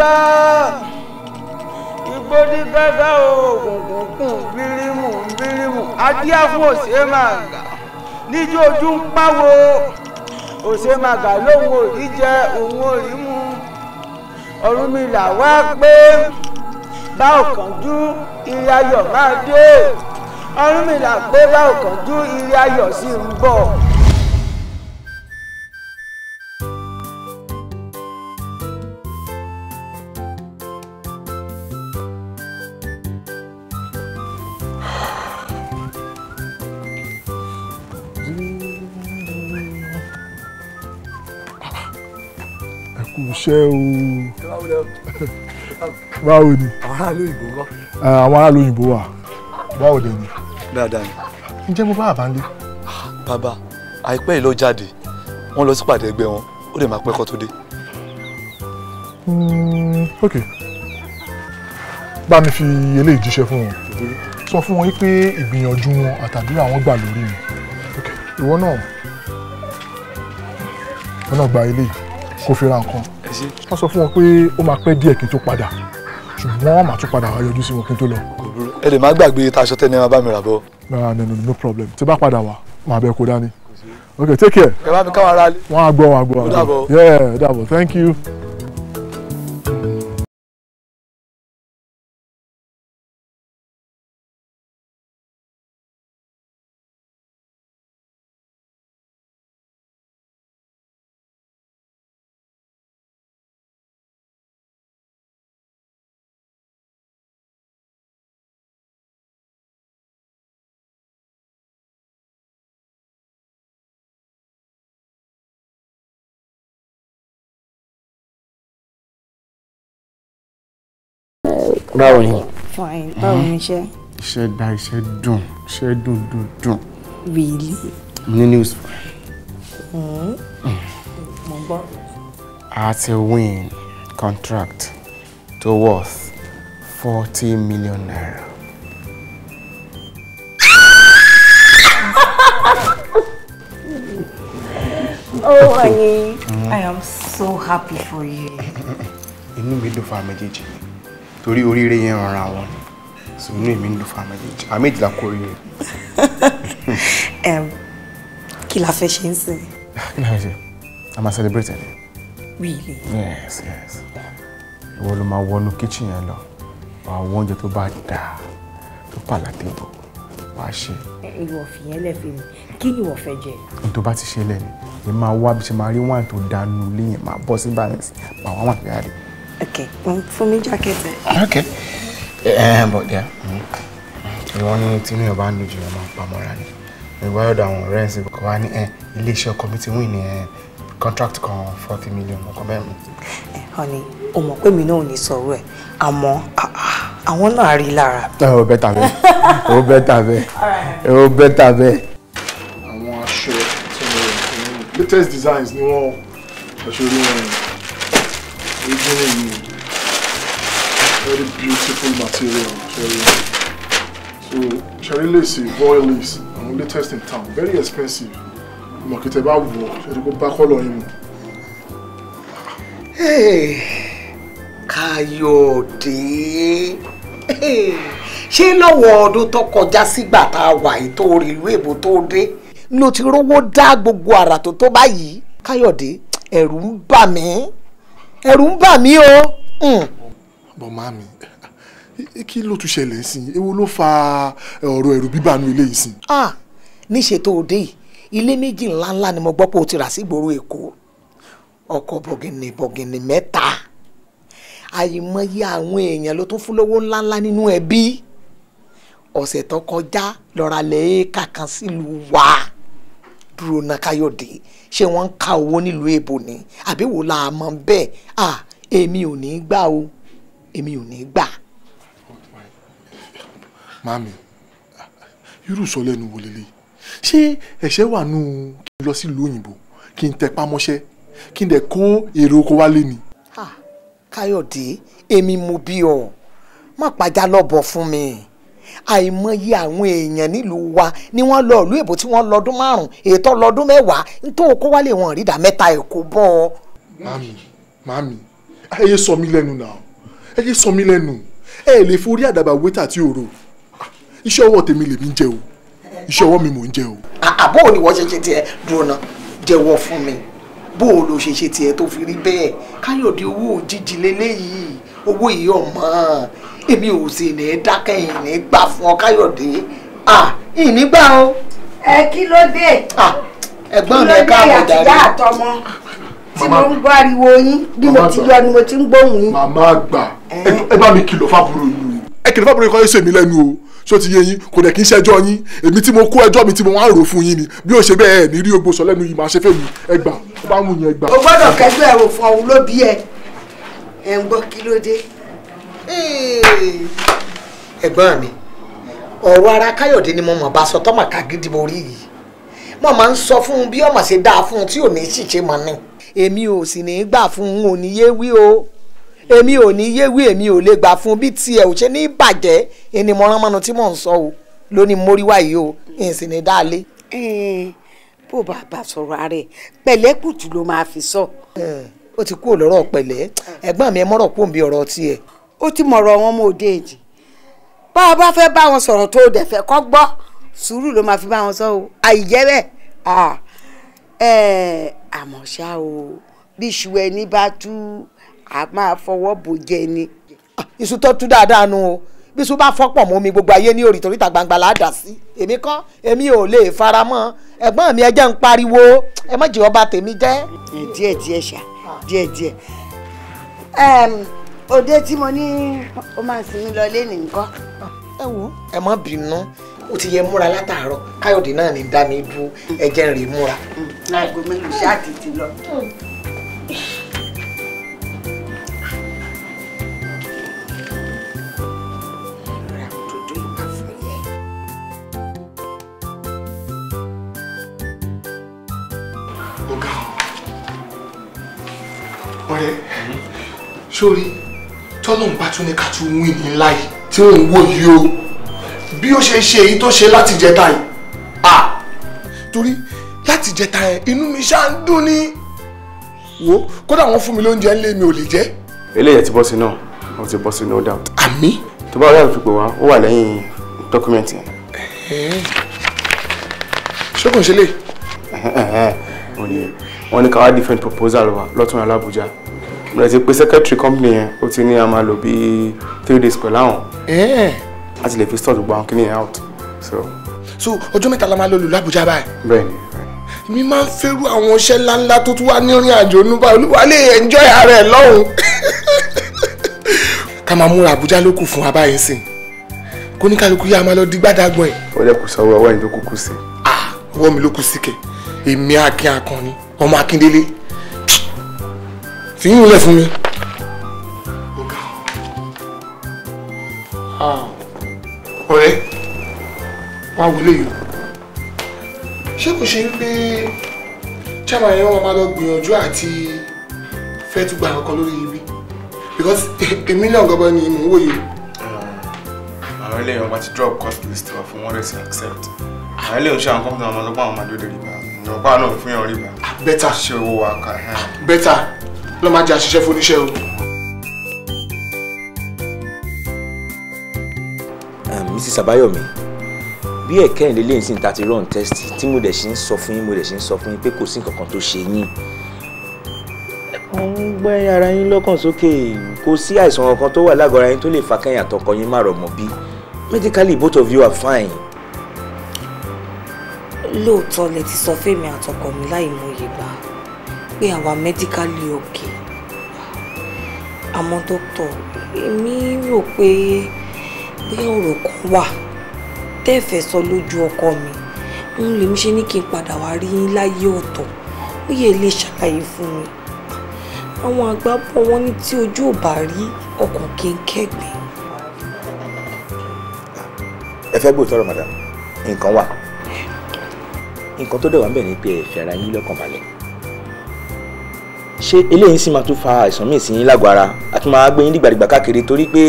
káká igbó dí káká òògùn kùnkùn bírímù bírímù adíàfún òsè máa gà níjú ojú ń páwo òsè máa gà lóhun òrí jẹ òun òrí mu Ọ̀rúnmìlà wá pé bá òkànjú ilé ayọ̀ máa dé Ọ̀rúnmìlà pé bá òkànjú ilé ayọ̀ sì ń bọ̀. ṣe o. báwo ni. àwọn aráàlú òyìnbó kọ́. àwọn aráàlú òyìnbó wà báwo dẹ̀ ni. dáadáa ni. ǹjẹ́ mo bá bàbá ń lé. Ah, bàbá àìpẹ́ yìí ló jáde wọ́n lọ sípàdé ẹgbẹ́ wọn ó lè máa pẹ́ kó tó dé. Hmm, ok bá mi fi eléyìí jíṣẹ́ fún wọn sọ fún wọn pé ìgbìyànjú wọn àtàdúrà wọn gbà lórí mi ìwọ náà wọn náà gba eléyìí kó fi ra nǹkan wọ́n sọ fún wọn pé ó máa pẹ́ díẹ̀ kí n tó padà ṣùgbọ́n màá tún padà wá yọjú sí wọn kí n tó lọ. ẹ lè má gbàgbé taṣọ tẹ́ ni ẹ máa bá mi rà bọ̀. no no no problem tí bá padà wá màá bẹ kó dání. okay take care. ẹ bá mi káwọn ara lé. wọn á gbọ́ wọn á gbọ́. ó dàbọ̀. yeah dàbọ̀ thank you. báwo ni. fine báwo ni iṣẹ́. Hmm. iṣẹ́ da iṣẹ́ dùn iṣẹ́ dùn dùn dùn. really. ní news. Hmm. mo gbọ́. a ti win contract to worth forty million naira. oh, Annie, mm. I am so happy for you. Inú mi dùn fún àmẹ́jèjì mi torí oríire yẹn ràn àwọn ni so inú èmi ń lu fún àmẹ́jì àmẹ́jì la kó oríire. kí la fẹ́ ṣe ń sìn. kí la fẹ́ ṣe a máa celebrate ẹni. really. yes yes ìwọ ló máa wọnú kitchen yẹn lọ wà á wọ oúnjẹ tó bá dáa tó pàlàtẹ́ bò wà á ṣe. ìwọ fìyẹn lẹ fi mi kí ni ìwọ fẹ́ jẹ. n tó bá ti ṣe lẹ́nu èmi máa wá bí ṣe máa rí wáìn tó dáa nulẹ̀ máa bọ́ sí balance máa wá wáìn tó rẹ̀. Okay, um, fún mi jacket. Okay. Um, but yeah. Mm, mm. Ìwọ ni tinú ẹ̀ bá ń dojú ẹ̀ máa pa mọ́ra ni. Ìwọ ọ̀dọ̀ àwọn ọ̀rẹ́ ẹ̀sìn kò wá ní ẹ̀ eh, ilé contract kan forty million ọkọ̀ honey, I'm mọ̀ pé mi náà ò ní sọ̀rọ̀ ẹ̀ àmọ́ ah, ah, àwọn náà rí lára. Ó bẹ́tà bẹ́ẹ̀, ó bẹ́tà oh better. bẹ́tà bẹ́ẹ̀. Àwọn aṣọ tí mo latest designs New wọ́n aṣọ orí wọn Even in you. Very beautiful material, cherry. So, cherry lace, boil lace, àwọn latest in town. Very expensive. Mọ̀kìtẹ̀ bá wọ̀, ṣẹ́ni kó bá kọ́ Hey, yín mu. Káyọ̀dé ṣé lọ́wọ́ ọdún tó bata wa tá a wà yìí tó rí ìlú èbó tó dé ló ti rówó dá gbogbo àrà tó tó báyìí káyọ̀dé ẹ̀rù ń bà mí ẹ̀rù ń bà mí o. Hmm. bọ́ máa mi kí ló tún ṣẹlẹ̀ sí i èwo ló fa ọ̀rọ̀ ẹ̀rù bíbànú ilé yìí sí. Ah, níṣẹ́ tó o dé yìí ilé méjì ńláńlá ni mo gbọ́ pé o ti rà sígboro èkó ọkọ̀ bọ̀gìnì bọ̀gìnì mẹ́ta àyìnmọ́yé àwọn èèyàn ló tún fún lówó ńláńlá nínú ẹbí ọ̀sẹ̀ tó kọjá lọ́ra lẹ́ẹ̀ka kan sílùú wa dúró na káyọ̀dé ṣé wọ́n ń ka owó nílùú èbò ni àbí wò la mọ̀ bẹ́ẹ̀ à èmi ò ní í gbà o èmi ò ní í gbà. mami irú sọlẹ́nu wo lélẹ̀ ṣé ẹ̀ṣẹ̀ wà nù kí n lọ sílùú òyìnbó kí n tẹpá mọ́ṣẹ́ kí n dẹ̀ kó èrè oko wálé ni. káyọ̀dé èmi mo bí ọ má pàjá lọ́bọ̀ fún mi àìmọye àwọn èèyàn nílùú wa ni wọ́n lọ ìlú èbó tí wọ́n lọ́dún márùn ètò lọ́dún mẹ́wàá nítorí kó wálé wọn rí ìdá mẹ́ta èkó bọ́ ọ. mami mami ẹ yé sọ mí lẹ́nu náà ẹ yé sọ mí lẹ́nu ẹ lè forí àdàbà wétà tí o rò iṣẹ́ ọwọ́ tèmi lèmi ń jẹ o iṣẹ́ ọwọ́ mi mò ń jẹ o. àbó ni wọ́n ṣe ṣe tiẹ̀ dúró náà jẹ́wọ́ fún mi bó o lo ṣe ṣe tiẹ̀ tó fi rí bẹ́ẹ̀ káyọ̀dé owó òjijì lélẹ́yìí owó ìyọ̀ mọ́ èmi ò sì ní dákẹ́ ìní gbà fún ọ káyọ̀dé ìní gbà o. ẹ kí ló dé ẹ̀gbọ́n mi ká àbọ̀ jàre. kí ló dé àtijọ́ àtọmọ tí mo ń gbọ́ ariwo yín bí mo ti yọ ni mo ti ń gbóhùn yín. màmá àgbà ẹ bá mi kìlọ̀ fábúrò yìí. ẹ kìlọ̀ fábúrò yìí kọ́ ẹ́ sèmi lẹ́nu o ṣó ti yé yín kò dẹ̀ kí n ṣẹjọ́ yín èmi tí mo kó ẹjọ́ mi tí mo wá ń rò fún yín ni bí ó ṣe bẹ́ẹ̀ ní rí ogbó sọ lẹ́nu yìí máa ṣe fẹ́ mi ẹ ó bá mú yín ẹ o gbọ́dọ̀ kẹjọ ẹ̀rọ fún ọ lóbi ẹ ẹ̀ ń gbọ́ kí ló dé ẹ̀gbọ́n mi ọ̀rọ̀ ara káyọ̀dé ni mo mọ̀ bá sọ tọ́mọ̀ ká gidi borí yìí mo máa ń sọ fún un bí ọmọ ṣe dáa fún un tí ò ní ṣìṣe mọ́ ni. èmi ò sì ní gbà fún un ò ní yé wí o èmi ò ní yé wí èmi ò lè gbà fún un bí tiẹ̀ ò ṣe ní bàjẹ́ ẹni mo rán mọ́nu tí mò ń sọ o lónìí móríwá yìí o ìyẹn sì ní dáálé. bó bá sọ̀rọ̀ ara ẹ̀ pẹ̀lẹ́kùtù ló máa fi sọ. ó ti kú òlọ́rọ̀ pẹ̀lẹ́ ẹ̀gbọ́n mi ẹ mọ́rọ̀ kú ọ̀rọ̀ tiẹ̀ ó ti mọ̀rọ̀ wọn mọ òde èjì bá a bá fẹ́ bá wọn sọ̀rọ̀ tó dẹ̀ fẹ́ kọ́ gbọ́ sùúrù ló máa fi bá wọn sọ o àìjẹ́ bẹ́ẹ̀ àmọ́ ṣá o bí iṣu ẹni bá tú a máa fọwọ́ bò jẹ ni. iṣu tó tú dáadáa nu o bí iṣu bá fọ́pọ̀ mọ́ mi gbogbo ayé ní orí toríta gbangba là á dà sí èmi kọ́ èmi ò lè fara mọ́ ẹ̀gbọ́n mi ẹ jẹ́ ń pariwo ẹ má jẹ́ ọba tèmi jẹ́. díẹ̀ ṣá díẹ̀ òde tí mo ní ó máa sinmi lọ lé nìkan. ẹ wo ẹ má bínú ó ti yẹ múra látàárọ̀ káyọ̀dé náà ní dá mi dúró ẹ̀jẹ̀ rè múra. Mm. láago mélòó ṣáà tètè lọ. ọ̀rẹ́ tọ́lọ́hún bá tún ní ká tún wí ní ńlá yìí tí wọ́n ń wò yìí o bí ó ṣe ṣe èyí tó ṣe láti jẹta yìí à torí láti jẹta yẹn inú mi ṣáà ń dùn ní wo kódà wọ́n fún mi lóúnjẹ ńlé mi ò lè jẹ. eléyìí ti bọ́ sí náà wọ́n ti bọ́ sí no doubt. àmì. tó bá wà lóòótọ́ pé wá ó wà lẹ́yìn dọ́kúmẹ́ǹtì yẹn. ṣe lè. wọ́n ní ká different proposal wa lọ́tún alábùjá mo ti pe secretary company yẹn ó ti ní a máa lò bíi three days pẹ̀lú àwọn. Eh. a ti lè fi store gbogbo àwọn kìíní yẹn out. so so ọjọ́ mẹ́ta la máa lò lù lábújá báyìí. bẹ́ẹ̀ni mi máa ń fẹ́rù àwọn iṣẹ́ ńláńlá tó tún wá ní orin àjò nípa olúwa lè enjoy ara ẹ̀ lọ́hùn. ká máa múra àbújá ló fún wa báyìí sìn kó ní kálukú yá máa lọ di gbádàgbọ́n ẹ̀. ó lè kù sọ́wọ́ ọwọ́ ẹ̀ ló kúkú sí. ah ọwọ́ mi ló kù sí kẹ̀ èmi akin akànni ọmọ akíndélé fi yín lẹ̀ fún mi. Ah. ọ̀rẹ́ wá wọlé yìí ṣé kò ṣe ń pé chama yẹn wọn máa lọ gbìyànjú àti fẹ́ tún gba nǹkan lórí ibi because èmi náà gbọ́dọ̀ ni mò ń wòye. Ah, àwọn eléyìí wọn ti drop cost list wa fún wọn rẹsì accept àwọn eléyìí ń ṣe àwọn kọ́mpútà wọn lọ́gbọ́n àwọn máa dúró lórí ìgbà ìjọba náà fún yàn rí ìgbà. bẹ́tà ṣe owó wa kà. bẹ́tà lọ́ọ́ máa jẹ́ àṣìṣe fún oníṣẹ́ o. Mrs. Àbáyọ̀mí bí ẹ̀kẹ́rin lè léyìn sí ní tàti run test tí mo dẹ̀ ṣe ń sọ fún yín mo dẹ̀ ṣe ń sọ fún yín pé kò sí nǹkan kan tó ṣe yín. mo ń gbẹ́ ara yín lọ́kàn sókè kò sí àìsàn kankan tó wà lágọ̀ọ́ ara yín tó lè fa kẹ́yìn àtọkọ yín má rọmọ bí medically both of you are fine. lóòótọ́ lẹ ti sọ fèmí àtọkọ mi láì mú iye gbà á pé àwa medically okay àmọ́ dókítà èmi rò pé bóyá ọ̀rọ̀ kan wà tẹ́ẹ̀fẹ́ sọ lójú ọkọ mi ń lèmi ṣe ní kí n padà wá rí yín láyé ọ̀tọ̀ ó yẹ lè ṣàlàyé fún mi àwọn àgbà bọ̀ wọ́n ní tí ojú ò bá rí ọkàn kí n kẹ́gbẹ́. ẹ fẹ́ gbòòtọ́ ọ̀rọ̀ madam nǹkan wà nǹkan tó dẹ̀ wá ń bẹ̀ ni pé ẹ fẹ́ ara yín lọ́kàn balẹ̀ ṣé eléyìí sì máa tún fa àìsàn míì sí yín lágọ̀ọ́ ara a máa gbé yín dìgbàdìgbà káàkiri torí pé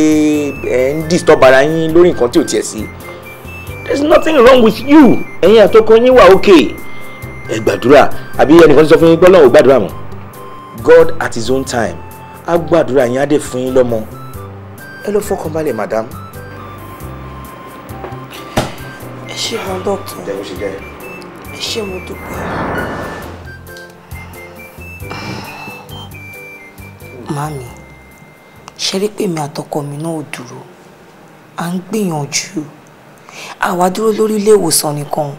ẹ ń disturb ara yín lórí nǹkan tí ò tiẹ̀ sí there is nothing wrong with you ẹ̀yin àtọkọ yín wà ok ẹ gbàdúrà àbí ẹnìkan ti sọ fún yín gbọ́dọ̀ ò gbàdúrà mọ́ God at his own time á gbàdúrà yín á dẹ̀ fún yín lọ́mọ ẹ lọ fọkàn balẹ̀ madam. ẹ ṣe mọ dọ́kítọ̀ ẹ ṣe mo dúpẹ́. mami, ṣe rí pèmí àtọkọ mi náà ò dúró. À ń gbìyànjú. Àwa dúró lórí ilé ìwòsàn nìkan.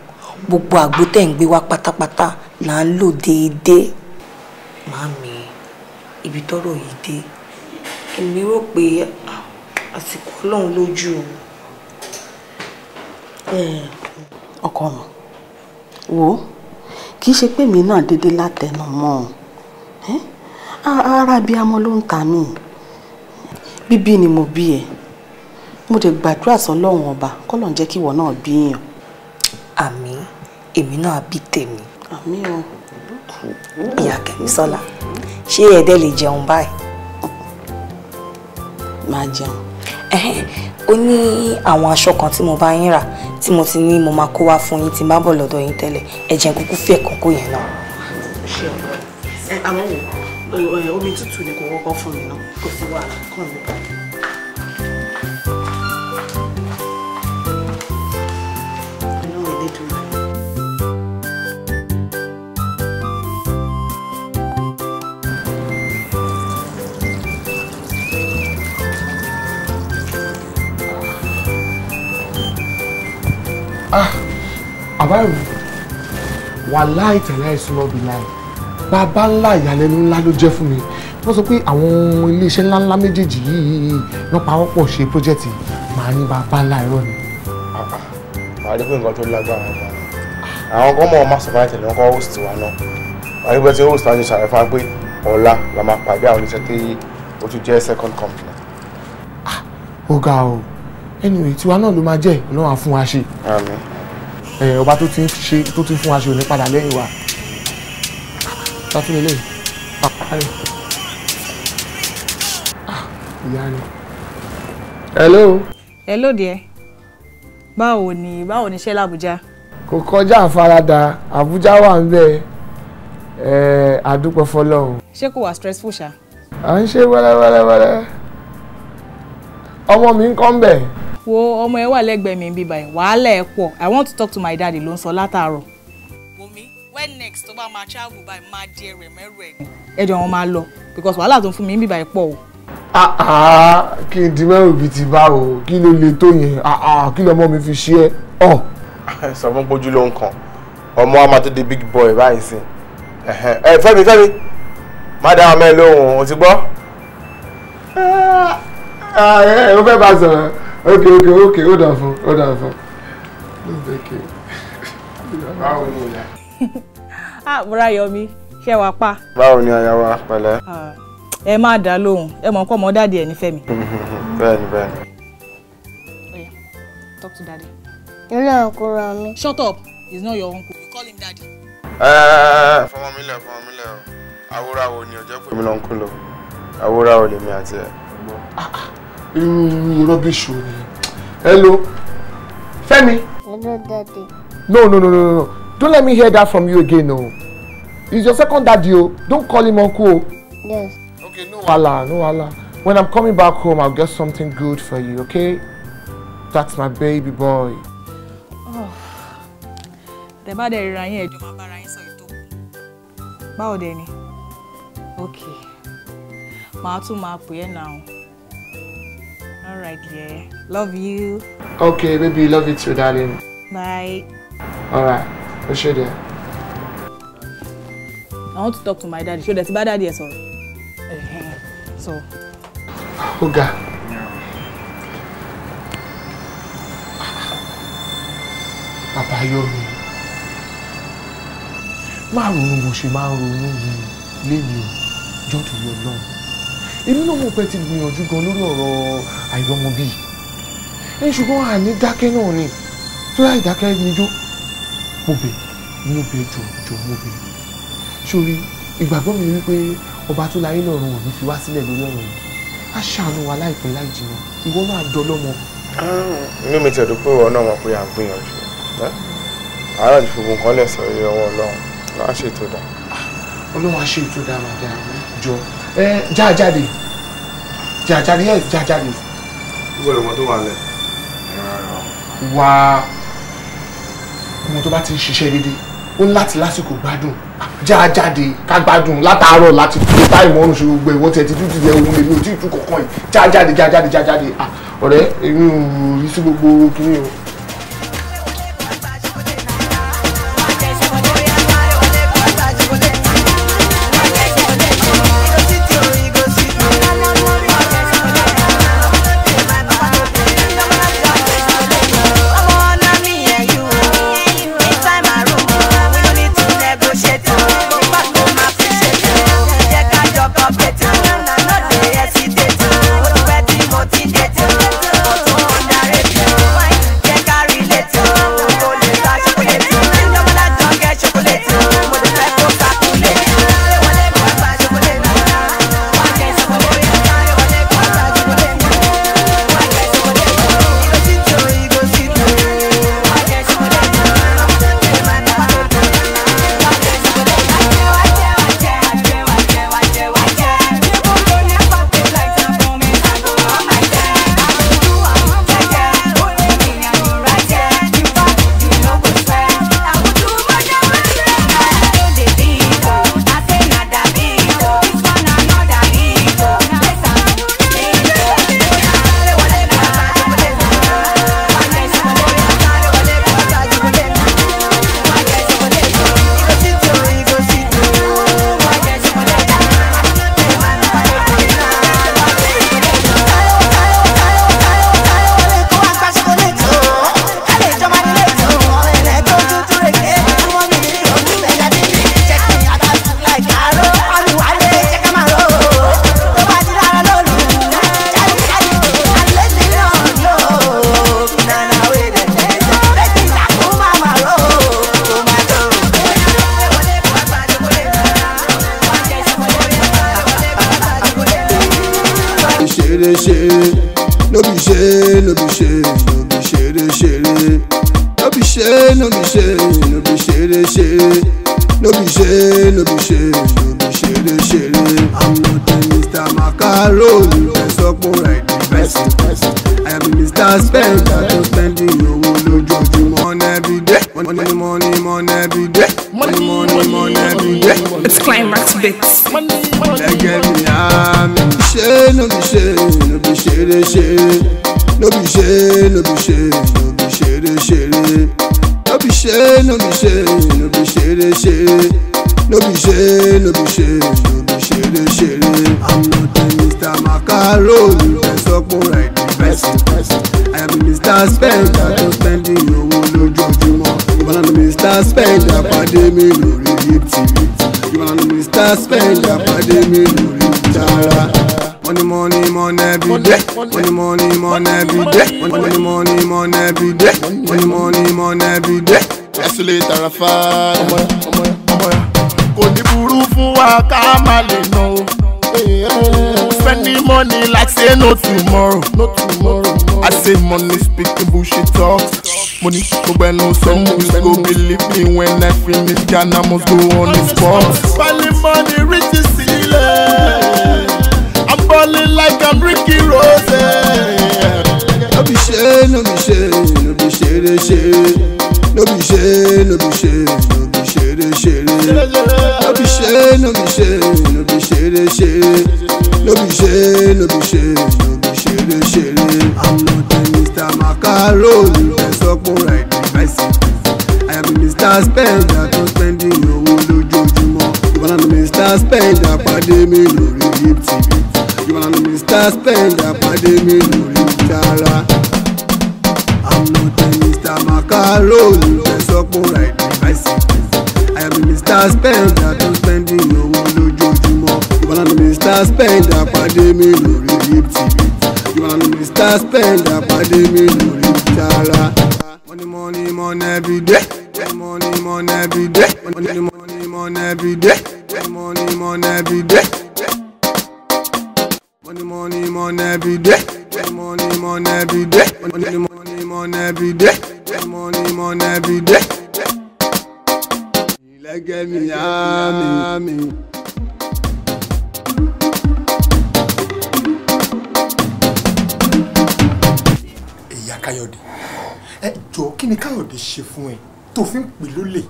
Gbogbo àgbo tẹ̀ ń gbé wá pátápátá là ń lò déédéé. Màmí, ibi tọ́rọ̀ yìí dé. Èmi rò pé àsìkò Ọlọ́run lójú o. Ọkọ mi, wo, kì í ṣe pèmí náà déédéé látẹnu mọ́ ọ ara ah, ah, bíi amọ ló ń ta mí bíbí ni mo bí ẹ mo dẹ̀ gbàdúrà sọ́lọ́run ọba kọ́lọ́run jẹ́ kí ìwọ náà bí yàn. àmín èmi náà bí tèmi. àmín o. ìyá Kẹ́misọ́lá ṣé ẹdẹ lè jẹun báyìí. máa jẹun. ó ní àwọn aṣọ kan tí mo bá yín rà tí mo ti ní mo máa kó wá fún yín tí n bá bọ̀ lọ́dọ̀ yín tẹ́lẹ̀ ẹ̀jẹ̀ kúkú fẹ̀ kókó yẹn náà. ṣé ọ̀rọ̀ ẹ àwọn wò omi tútù ni kò kọ́kọ́ fún mi náà kò sí wàhálà kàn mí bọ̀. Ah, àbáyọ̀ wàláì tẹ̀lé àìsàn ọ̀bìnrin bàbá ńlá ìyàlẹ́nu ńlá ló jẹ́ fún mi wọ́n sọ pé àwọn iléeṣẹ́ ńláńlá méjèèjì yìí ló pawọ́pọ̀ ṣe pọ́jẹ́tì màá ní bàbá ńlá irọ́ ni. àwọn nǹkan tó lágbára wà àwọn kan mọ̀ ọ́n má sọ̀rọ̀ àìtẹ̀lẹ́ wọn kọ́ host wa náà àwọn ẹgbẹ́ tí host wa ní sàrẹ́ fún wa pé ọ̀la la máa pàdé àwọn oníṣẹ́ tí ó tún jẹ́ second company. Ah, ó ga o ẹnu ìtiwa náà ló máa jẹ́ ọlọ́run á wa ṣe ọba tó ti fún wa ṣe ò ní padà lẹ́yìn wa ta fún mi lè àpárí hello. hello dear báwo ni báwo ni iṣẹ́ làbújá. kò kọjá àfaradà àbújá wà ń bẹ ẹ àdúpẹ́ fọlọ́run. ṣé kò wá stressful ṣá. à ń ṣe wẹ́rẹ́wẹ́rẹ́wẹ́rẹ́ ọmọ mi ń kọ́ ń bẹ̀. wo ọmọ ẹ wà lẹ́gbẹ̀ẹ́ mi bíbá ẹ̀ wàhálà ẹ̀ pọ̀ i want to talk to my daddy ló ń sọ látàárọ̀ when next tó bá máa travel by máa di ẹrẹ̀ mẹ́rù ẹ̀. ẹ jọ wọn máa lọ because wàhálà tó ń fún mi ń bìbà ẹ pọ̀ o. Ah, ah, kí n ti mẹ́rù bíi ti bá o kí ló le tó yẹn ah, kí lọ́mọ mi fi ṣe é ọ̀. Oh. sọ bójú ló ń kàn ọmọ a máa tó di big boy báyìí sí ẹ fẹ́mi fẹ́mi má dá ọmọ ẹ lóhùn o ti gbọ́. ẹ ó fẹ́ bá a sọ̀rọ̀ ok ok ok ó dà fún ó dà fún. báwo ah Bọ́láyọ̀mí ṣé wàá pa. báwo ni aya wa pẹ̀lẹ́. Ah, ẹ má dá lóhùn ẹ mọ̀ kọ́ ọmọ dáàdi ẹ̀ nífẹ̀ẹ́ mi. bẹ́ẹ̀ni bẹ́ẹ̀ni. oya talk to daddy. ilé ọkọ ra mi. shut up he's not your uncle you call him daddy. ẹ eh, eh, eh, fọmọ mi lẹ fọmọ mi lẹ o awúráwo ni ọjọ́ pé mi lọ ń kú lọ awúráwo lèmi àti ẹ. Ah, ah, irú irú rọ́bìṣì ò ní. hello Fẹ́mi. hello daddy. no no no no no. Don't let me hear that from you again, no. He's your second daddy, oh. Don't call him uncle. Oh. Yes. Okay, no wahala, no wahala. When I'm coming back home, I'll get something good for you, okay? That's my baby boy. Tẹ́ bá dẹ̀ ríra yín ẹ̀jọ̀ máa bára So sọ ìtòkù. Báwo dẹ̀ Okay. Màá tún máa pè é All right, yeah. Love you. Okay, baby, love you too, darling. Bye. All right ẹ ṣe dẹ. I want to talk to my daddy ṣé o dẹ̀ ti bá dáàdi ẹ̀ sọ̀rọ̀ so. ọ̀gá àbáyọmí máa ronú bó ṣe máa ń ronú yìí lémi o jọ́dún yọ náà èmi náà mo pẹ́ ti gbìyànjú gan lórí ọ̀rọ̀ àìrọ́mọbí ẹ̀ ṣùgbọ́n àní dákẹ́ náà ni tó láì dákẹ́ níjó mobe mòbè mòbè jòjò mòbè sórí ìgbàgbọ́ mi wípé ọba tó láyé náà rọrùn fi wá sílẹ̀ lórí ọ̀rọ̀ yìí á ṣàánú wa láìpẹ́ láì jìnnà ìwọ náà dọlọ́mọ. Hmm, inú mi tẹ̀dọ̀ pé ìwọ náà mọ̀ pé à ń gbìyànjú àárọ̀ ju gbogbo nǹkan lẹ̀ sọ ilé ọwọ́ ọlọ́run lọ́wọ́ á ṣe ètò dá. ọlọ́run á ṣe ètò dá màdà jọ ẹ jájáde jájáde ẹ jájáde. gbọ́dọ̀ mọ tó wà lẹ̀. wá. Wow ọmọ tó bá ti ń ṣiṣẹ́ déédéé ó ní láti lásìkò gbádùn jájáde ká gbádùn látàárọ̀ láti tó táì mọ́rùn ṣe gbogbo ìwọ́n tiẹ̀ ti tún tilẹ̀ ohun èmi ò tí ì tú kọ̀ọ̀kan yìí jájáde jájáde jájáde ah, ọ̀rẹ́ èmi ò rí sí gbogbo kiri the It's climax bits. Ẹgẹ́ mi àmì ṣe ló bí ṣe ló bí ṣeré ṣeré ló bí ṣe ló bí ṣe ló bí ṣeré ṣeré ló bí ṣe ló bí ṣe ló bí ṣeré ṣeré no be ṣe no be ṣe no be ṣeré ṣeré i'm not the mr macaroni tẹsánpọ̀ra ẹ̀dí bẹ́sì i am mr spender tó spẹ́ndì owó lójoojúmọ́ ìbálòpọ̀ mr spender pàdé mi lórí youtube ìbálòpọ̀ mr spender pàdé mi lórí tara. Money, money, money every day. Money, money, money every day. Money, money, money every day. Money, money, money every day. Yasule Tarafa kò ní burú fún wa ká má lè nà o. Spending money like say no tomorrow. No tomorrow. I say money speaking bullshit talk. Mo ní gbogbo ẹnu sọ mo ní go believe me when I finish Ghana must go on the spot. Spending money reach sílẹ̀. I'm balling like I'm Ricky Rose. No be ṣe, no be ṣe, no be ṣe, no be ṣe, no be ṣe, no be ṣe ṣeré ṣeré no be ṣe no be ṣe no be ṣeré ṣeré no be ṣe no be ṣe no be ṣeré ṣeré. àwọn ọ̀tẹ̀ Mr Macaroni fẹ̀sọ́pọ̀ rẹ̀ dìbẹ́sì. I am Mr Spender tó spending owó lójoojúmọ́. Ìbára ni Mr Spender pàdé mi lórí YouTube. Ìbára ni Mr Spender pàdé mi lórí Tara. Àwọn ọ̀tẹ̀ Mr Macaroni fẹ̀sọ́pọ̀ rẹ̀ dìbẹ́sì. I be Mr. Spender tó spending owó lójoojúmọ́. Ìbálá ni Mr. Spender pàdé mi lórí Yipti. Ìbálá ni Mr. Spender pàdé mi lórí Tara. Money money money every day. Money money every day. Money money money every day. Money money every day. Money money money every day. Money money every day. Money money money every day. Money money every day lẹ́gẹ́mi àmì. ìyá káyọ̀dé ẹ jọ kí ni káyọ̀dé ṣe fún ẹ tó fi ń pè lólè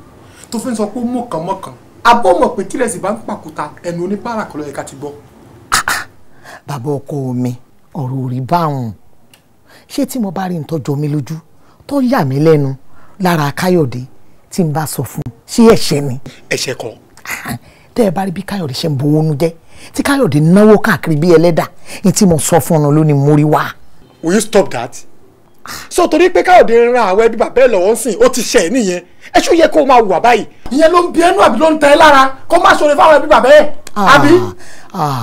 tó fi ń sọ pé mọ̀kànmọ̀kàn abọ́ mọ̀ pé tírẹ̀sì bá ń pàkúta ẹnu oníbàárà kan lọ́yẹ̀ká ti gbọ́. bàbá ọkọ mi ọ̀rọ̀ ò rí báwọn ṣé tí mo bá rí ntọ́jọ́ mi lójú tó yà mí lẹ́nu lára káyọ̀dé tí n bá sọ fún ṣé ẹ̀ṣẹ̀ ni. ẹ̀ṣẹ̀ kọ́. tẹ́ ẹ bá rí bí káyọ̀dé ṣe ń bo owó nu jẹ́ tí káyọ̀dé náwó káàkiri bí ẹlẹ́dà ní tí mo sọ fún un lónìí mórí wá. will you stop that? so torí pé káyọ̀dé ń ra àwọn ẹbí bàbá ẹ̀ lọ́wọ́ sìn ó ti ṣẹ̀ nìyẹn ẹ ṣó yẹ kó o máa wà báyìí. ìyẹn ló ń bí ẹnu àbí ló ń tẹ ẹ lára kó má ṣòro fáwọn ẹbí bàbá ah, ah. ẹ àbí.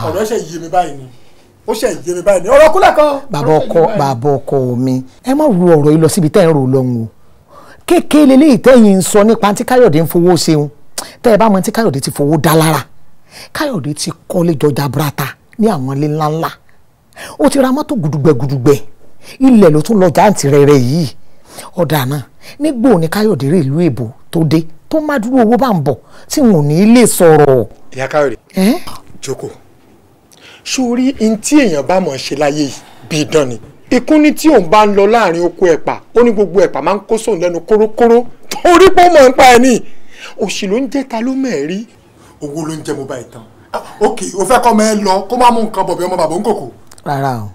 ọ̀rọ̀ ẹ̀ṣẹ̀ yé mi báyìí ni ó ṣe ìyé mi báyìí ni ọ̀rọ̀ kúlẹ̀ kan. bàbá ọkọ bàbá ọkọ mi ẹ má ru ọ̀rọ̀ yìí lọ síbi tẹ́ ẹ̀ ń rò lọ́hùn o kékeré lè tẹ́yìn ń sọ nípa tí káyọ̀dé ń fowó ṣeun tẹ́ ẹ bá mọ tí káyọ̀dé ti fowó dá lára káyọ̀dé ti kọ́lé jọjà burata ní àwọn ilé ńláńlá ó ti ra mọ́tò gudugbẹ gudugbẹ ilẹ̀ ló tún lọ jáǹtì rẹ̀rẹ̀ yìí ọ̀dà náà nígbò ní káyọ̀dé rè ìlú èbó tó dé tó má dúró owó bá ń bọ̀ tí wọn ò ní lè sọ̀rọ̀. ìyá káyọ̀dé jókòó sórí ntí èèyàn bá mọ̀ ṣe láyé yìí bíi dán ni ikún ní tí òun bá ń lọ láàrin oko ẹ̀pà ó ní gbogbo ẹ̀pà máa ń kó sóun lẹ́nu kórókóró torí pé ó mọ̀ ń pa ẹ̀ ní òṣì ló ń jẹ́ ta ló mẹ́ẹ̀rí owó ló ń jẹ́ mo bá ìtàn ah, ok o fẹ́ kọ́ mẹ́ẹ́ lọ kó má mú nǹkan bọ̀bẹ̀ ọmọ bàbá òǹkòkò. rárá o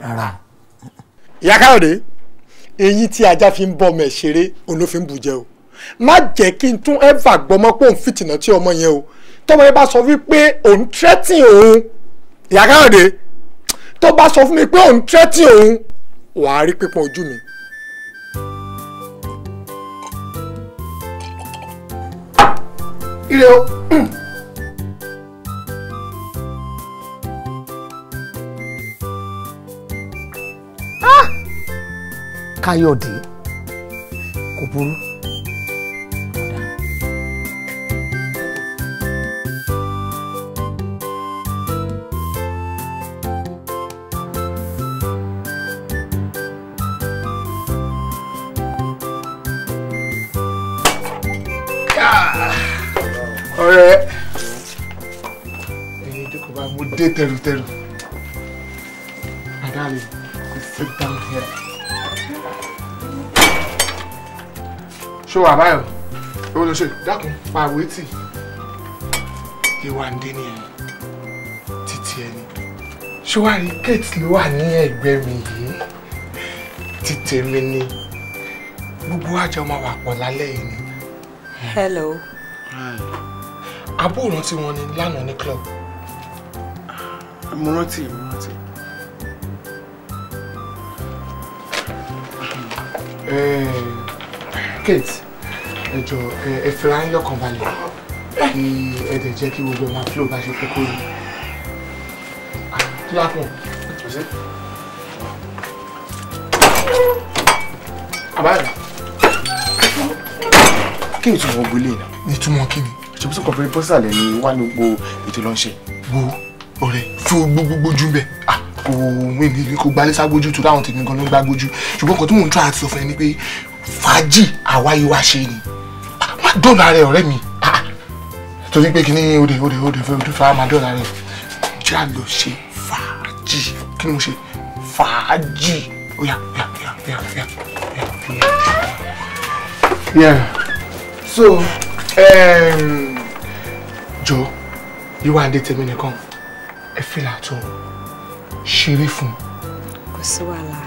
rárá. ìyá káyọ̀dé eyín tí ajá fi ń bọ́ ọmọ ẹ̀ ṣeré òun ló fi ń bù jẹ o má jẹ́ kí n tún ẹ́fà gbọmọ pé òun fìtìnà tó bá sọ fún mi pé òun tẹ́tí òun wàá rí pípọ̀ ojú mi. ire o. Ah! káyọ̀dé kò burú. ọ̀rẹ́ ẹ̀yin jókòó bá mo dé tẹrùtẹrù my darling you sit down here. ṣé wàá báyọ̀ owó ló ṣe dákun pa àwé tì ìwàǹdé ni ẹ̀ títí ẹni ṣé wàá rí gate ló wà ní ẹ̀gbẹ́ mi yìí títí mi ni gbogbo àjọ máa wà pọ̀ lálẹ́ yìí ni. hello. Hi abó ìrántí wọn ni lánàá ní club. mo rántí mo rántí. Kate ẹ jọ ẹ fira ń lọ́kàn balẹ̀ kí ẹ dẹ̀ jẹ́ kí gbogbo ọmọ flow bá ṣe kókó yìí. kí lápò àbáyọ̀ kí ni ìtumọ̀ gbélé náà. ìtumọ̀ kí ni ṣe bísí kọfẹ bọ́sà lẹ́ni wà ní gbogbo ètò lọ́nṣẹ́. wo ọ̀rẹ́ fún gbogbogbòjú bẹ kò mí ni kò gbalẹ ságbójú tó dáhùn tèmi gan ló ń gbágbójú ṣùgbọ́n nǹkan tí mò ń tọ́ àti sọ fún ẹ ni pé fàájì àwáyé wa ṣe ni má dọ̀là rẹ ọ̀rẹ́ mi torí pé kíní òde òde òde fẹ́ òde fẹ́ má dọ̀là rẹ já lọ ṣe fàájì kí ni mo ṣe fàájì oya oya oya oya oya. Yeah. So jọ ìwà àdé tèmi nìkan ẹ fìlà tó ṣeré fún. kò sí wàhálà.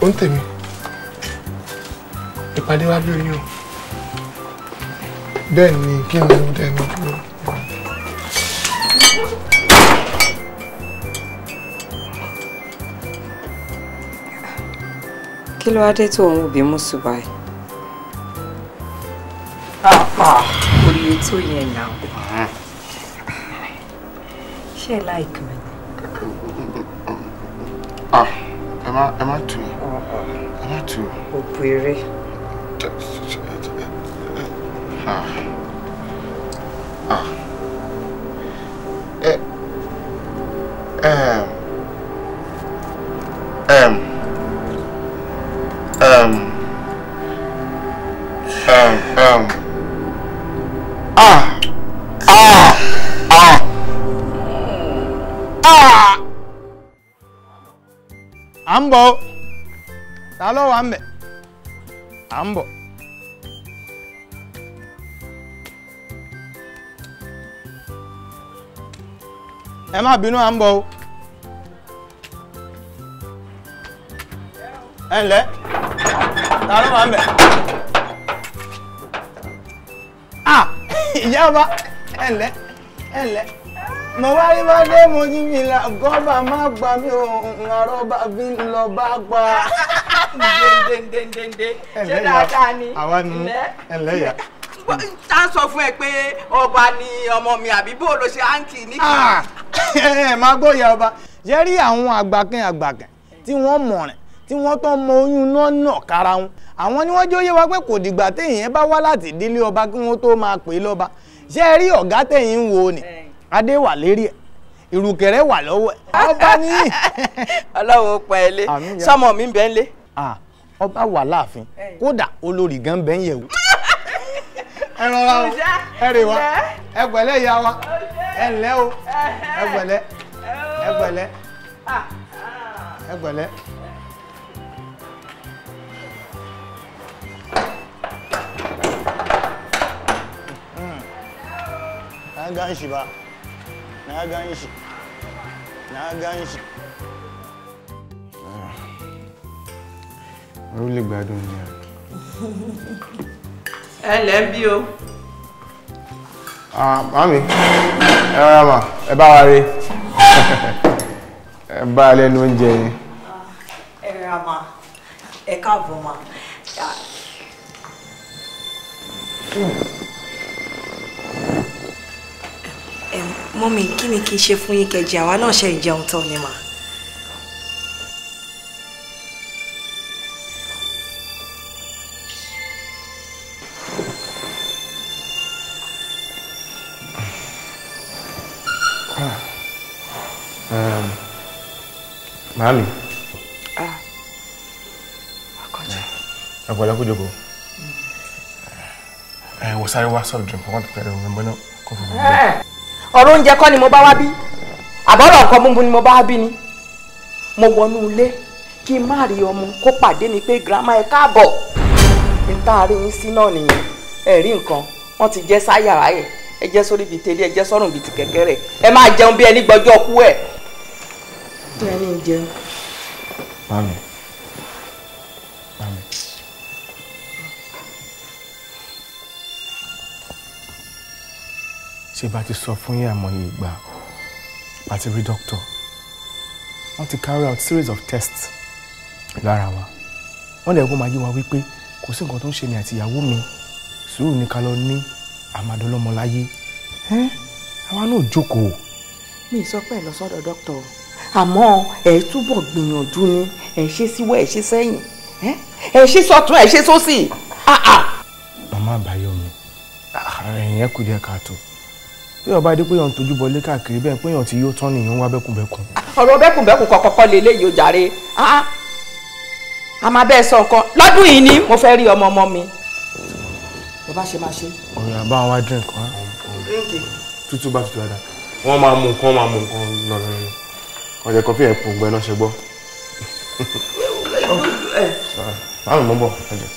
ó ń tèmi ìpàdé wa bí oyún o bẹ́ẹ̀ ni kí ni mo dẹnu dúró. kí ló wá dé tó òun òbí Are kò lè tó yẹn nà ó ṣe é láìkì mi. ẹ má ẹ má tù ẹ má tù. Ah. ẹ ẹ ẹ. Ambo, talo o Ambo. ló binu ambo. bẹ̀ Talo ń ah ìyá ọba ẹ mo wá rí bọ́dé mo jí mi là gọ́bà má gbà mí o àrọ́ bá fi lọ bá pa. dèndéndéndé àwa ni ẹlẹ́yà. ta sọ fún ẹ pé ọba ni ọmọ mi àbí bó ló ṣe àǹtí ní. Ah! ẹ má gbóyà ọba ṣe rí àwọn àgbàkan àgbàkan tí wọ́n mọ̀rìn tí wọ́n tó mọ oyún náà kára wọn àwọn ni wọ́n jóyè wa pé kò dìgbà téèyàn bá wá láti ìdílé ọba kí wọ́n tó máa pè é lọ́ba ṣé ẹ rí ọ̀gá téèyàn ń ni. adé wà lérí ẹ̀ ìrùkẹ̀rẹ̀ wà lọ́wọ́ ẹ̀ ọba ní. ọlọ́run pa ẹ lé sọmọ mi bẹ́ẹ̀ lé. ọba wà láàfin kódà olórí gan bẹ́ẹ̀ yẹ̀ wò. ẹ rọra o ẹ rè wá ẹ pẹ̀lẹ́ ìyá wa ẹ ǹlẹ́ o ẹ pẹ̀lẹ́ ẹ pẹ̀lẹ́ ẹ pẹ̀lẹ́. gan ṣì na gan shi na gan shi. ọ̀rọ̀ ah. lè gbádùn ni. ẹ lẹ́ bí o. Ah, mami ẹ rárá mà ẹ bá wa rí ẹ bá a lẹ́nu oúnjẹ yẹn. ẹ rárá mà ẹ káàbọ̀ mà. Mm. mọ́mí kí ni kí n ṣe fún yín kẹjẹ àwa náà ṣe ìjẹun tán ni mà. Ah, um, Màámi. Akọ̀jẹ́. Ah, eh, Àgbàlá kò jókòó. Ẹ eh, wò sáré wá sọ̀rọ̀ dùn kọ́kọ́ tó fẹ́rẹ̀ òun gbọ́ná kó fún mi ọ̀rọ̀ oúnjẹ kọ́ ni mo bá wá bí àbọ̀rọ̀ nǹkan múmu ni mo bá wá bí ni mo wọnú ilé kí n má rí ọmọ kó pàdé mi pé girama ẹ káàbọ̀ níta rí yín sí náà nìyẹn ẹ nǹkan wọ́n ti jẹ́ sáyà ráyè ẹ jẹ́ sórí ibi tẹ́lẹ̀ ẹ jẹ́ sọ́rùn ibi ti kẹ̀kẹ́ rẹ̀ ẹ máa jẹun bí ẹni gbọ́jọ́ kú ẹ̀. bẹ́ẹ̀ ni jẹun. báwo ṣe bá ti sọ fún yín àmọye ìgbà àti rí doctor wọ́n ti carry out series of tests lára wa wọ́n lè kó máa yé wa wípé kò sí nǹkan tó ń ṣe mi àti ìyàwó mi sùúrù ní ká lọ ní àmàdọ́lọ́mọ láyé àwa náà jókòó. mi sọ pé ẹ lọ sọ́dọ̀ dókítà o àmọ́ ẹ túbọ̀ gbìyànjú ni ẹ ṣe síwọ ẹ ṣe sẹ́yìn ẹ ṣe sọ́tún ẹ ṣe sósì. Ah, ah. màmá àbáyọ mi ẹ̀yìn ẹ kù díẹ̀ káàtó téèyàn bá dé pé èèyàn ń tojú bọlé káàkiri bẹ́ẹ̀ pé èèyàn ti yóò tán nìyẹn ń wá bẹ́kùnbẹ́kùn. ọ̀rọ̀ bẹ́kùnbẹ́kùn kọ̀kọ́kọ́ lè léyìí ó jàre ah, ah. a máa bẹ́ẹ̀ sọ nǹkan lọ́dún yìí ni mo fẹ́ rí ọmọ ọmọ mi bó bá ṣe máa ṣe. ọ̀rọ̀ àbá wa drink wa. tútù bá tutù dáadáa wọ́n máa mú nǹkan máa mú nǹkan lọ́dọ̀ nínú ọ̀jẹ̀ kọfí ẹ̀ pòǹgbẹ náà ṣe gbọ́. báwo ló ń bọ̀ ẹ̀jẹ̀.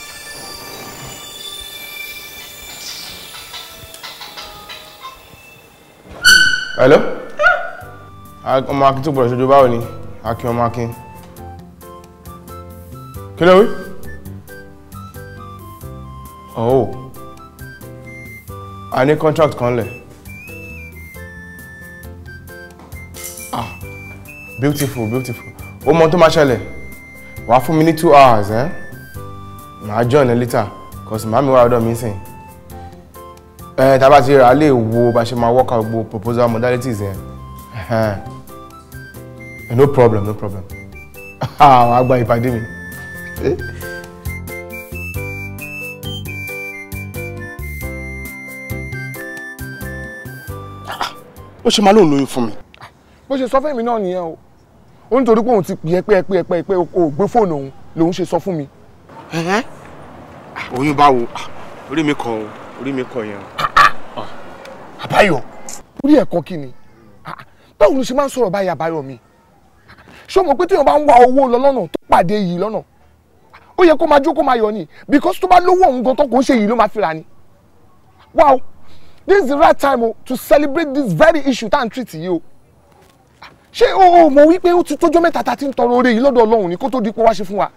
hello ah, ọmọ akin tó gbọ́dọ̀ ṣojú báwo ni akin ọmọ akin kí ló wí ọ̀hún oh. a ní contract kan lẹ̀ ah beautiful beautiful ó mọ tó máa ṣẹlẹ̀ wàá fún mi ní two hours eh? màá join ẹ later cause màá mi wá ọ̀dọ̀ mi sìn ẹ tá ti rà á lè wo bá ṣe máa work out gbogbo proposal modalities yẹn no problem no problem ah, àwọn àgbà ìpàdé mi. ó ṣe máa lóun lóyún fún mi. bó ṣe sọ fẹ́mi náà nìyẹn o ó nítorí pé òun ti pè é pé pé pé pé o gbé fóònù òun lòun ṣe sọ fún mi. oyún báwo ah, orí mi kàn orí mi kàn yẹn àbáyọ orí ẹ̀kọ́ kí ni báwo ló ṣe máa ń sọ̀rọ̀ báyìí àbáyọ mi ṣé o mọ̀ pé téèyàn bá ń wá owó lọ lọ́nà tó pàdé yìí lọ́nà ó yẹ kó máa jó kó máa yọ ni because tó bá lówó òun gan tó kò ń ṣe yìí ló máa fira ni wow this is the right time o to celebrate this very issue tá à ń treat yìí o ṣé o o mọ̀ wípé ó ti tójọ́ mẹ́ta tá a ti ń tọrọ oore yìí lọ́dọ̀ ọlọ́run ni kó tó di pé wá ṣe fún wa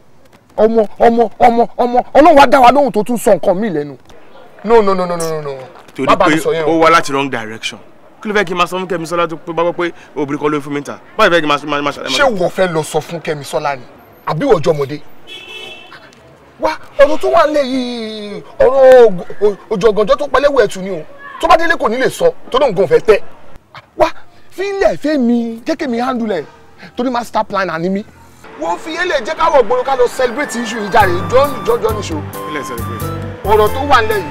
ọmọ ọmọ ọmọ ọmọ ọlọ́run wá dá wa lóhùn tó tún sọ nǹkan míì lẹ́nu no no no no no no. torí pé ó wá láti wrong direction kí ló fẹ́ kí n máa sọ fún Kẹ́mi Sọ́lá tó pé bábọ́ pé obìnrin kan ló fún mi ta báyìí fẹ́ kí n máa ṣàlàyé. ṣé wọ́n fẹ́ lọ sọ fún Kẹ́mi Sọ́lá ni àbí wọ́n jọmọdé wá ọ̀rọ̀ tó wà lé yìí ọ̀rọ̀ òjọ̀gànjọ́ tó palẹ́wọ̀ ẹ̀tù ni o tó bá délé kò ní lè sọ tó lóun gan fẹ́ tẹ́ wá fílẹ̀ fẹ́ mi jẹ́ kí mi handle ẹ̀ torí master plan àní mi wọ́n fi yẹn lè jẹ́ káwọ̀ gbòòrò ká lọ celebrate issue yìí jáde jọ́ọ́nù jọ́ọ́nù níṣó. ilé celebrate ọ̀rọ̀ tó wà lẹ́yìn.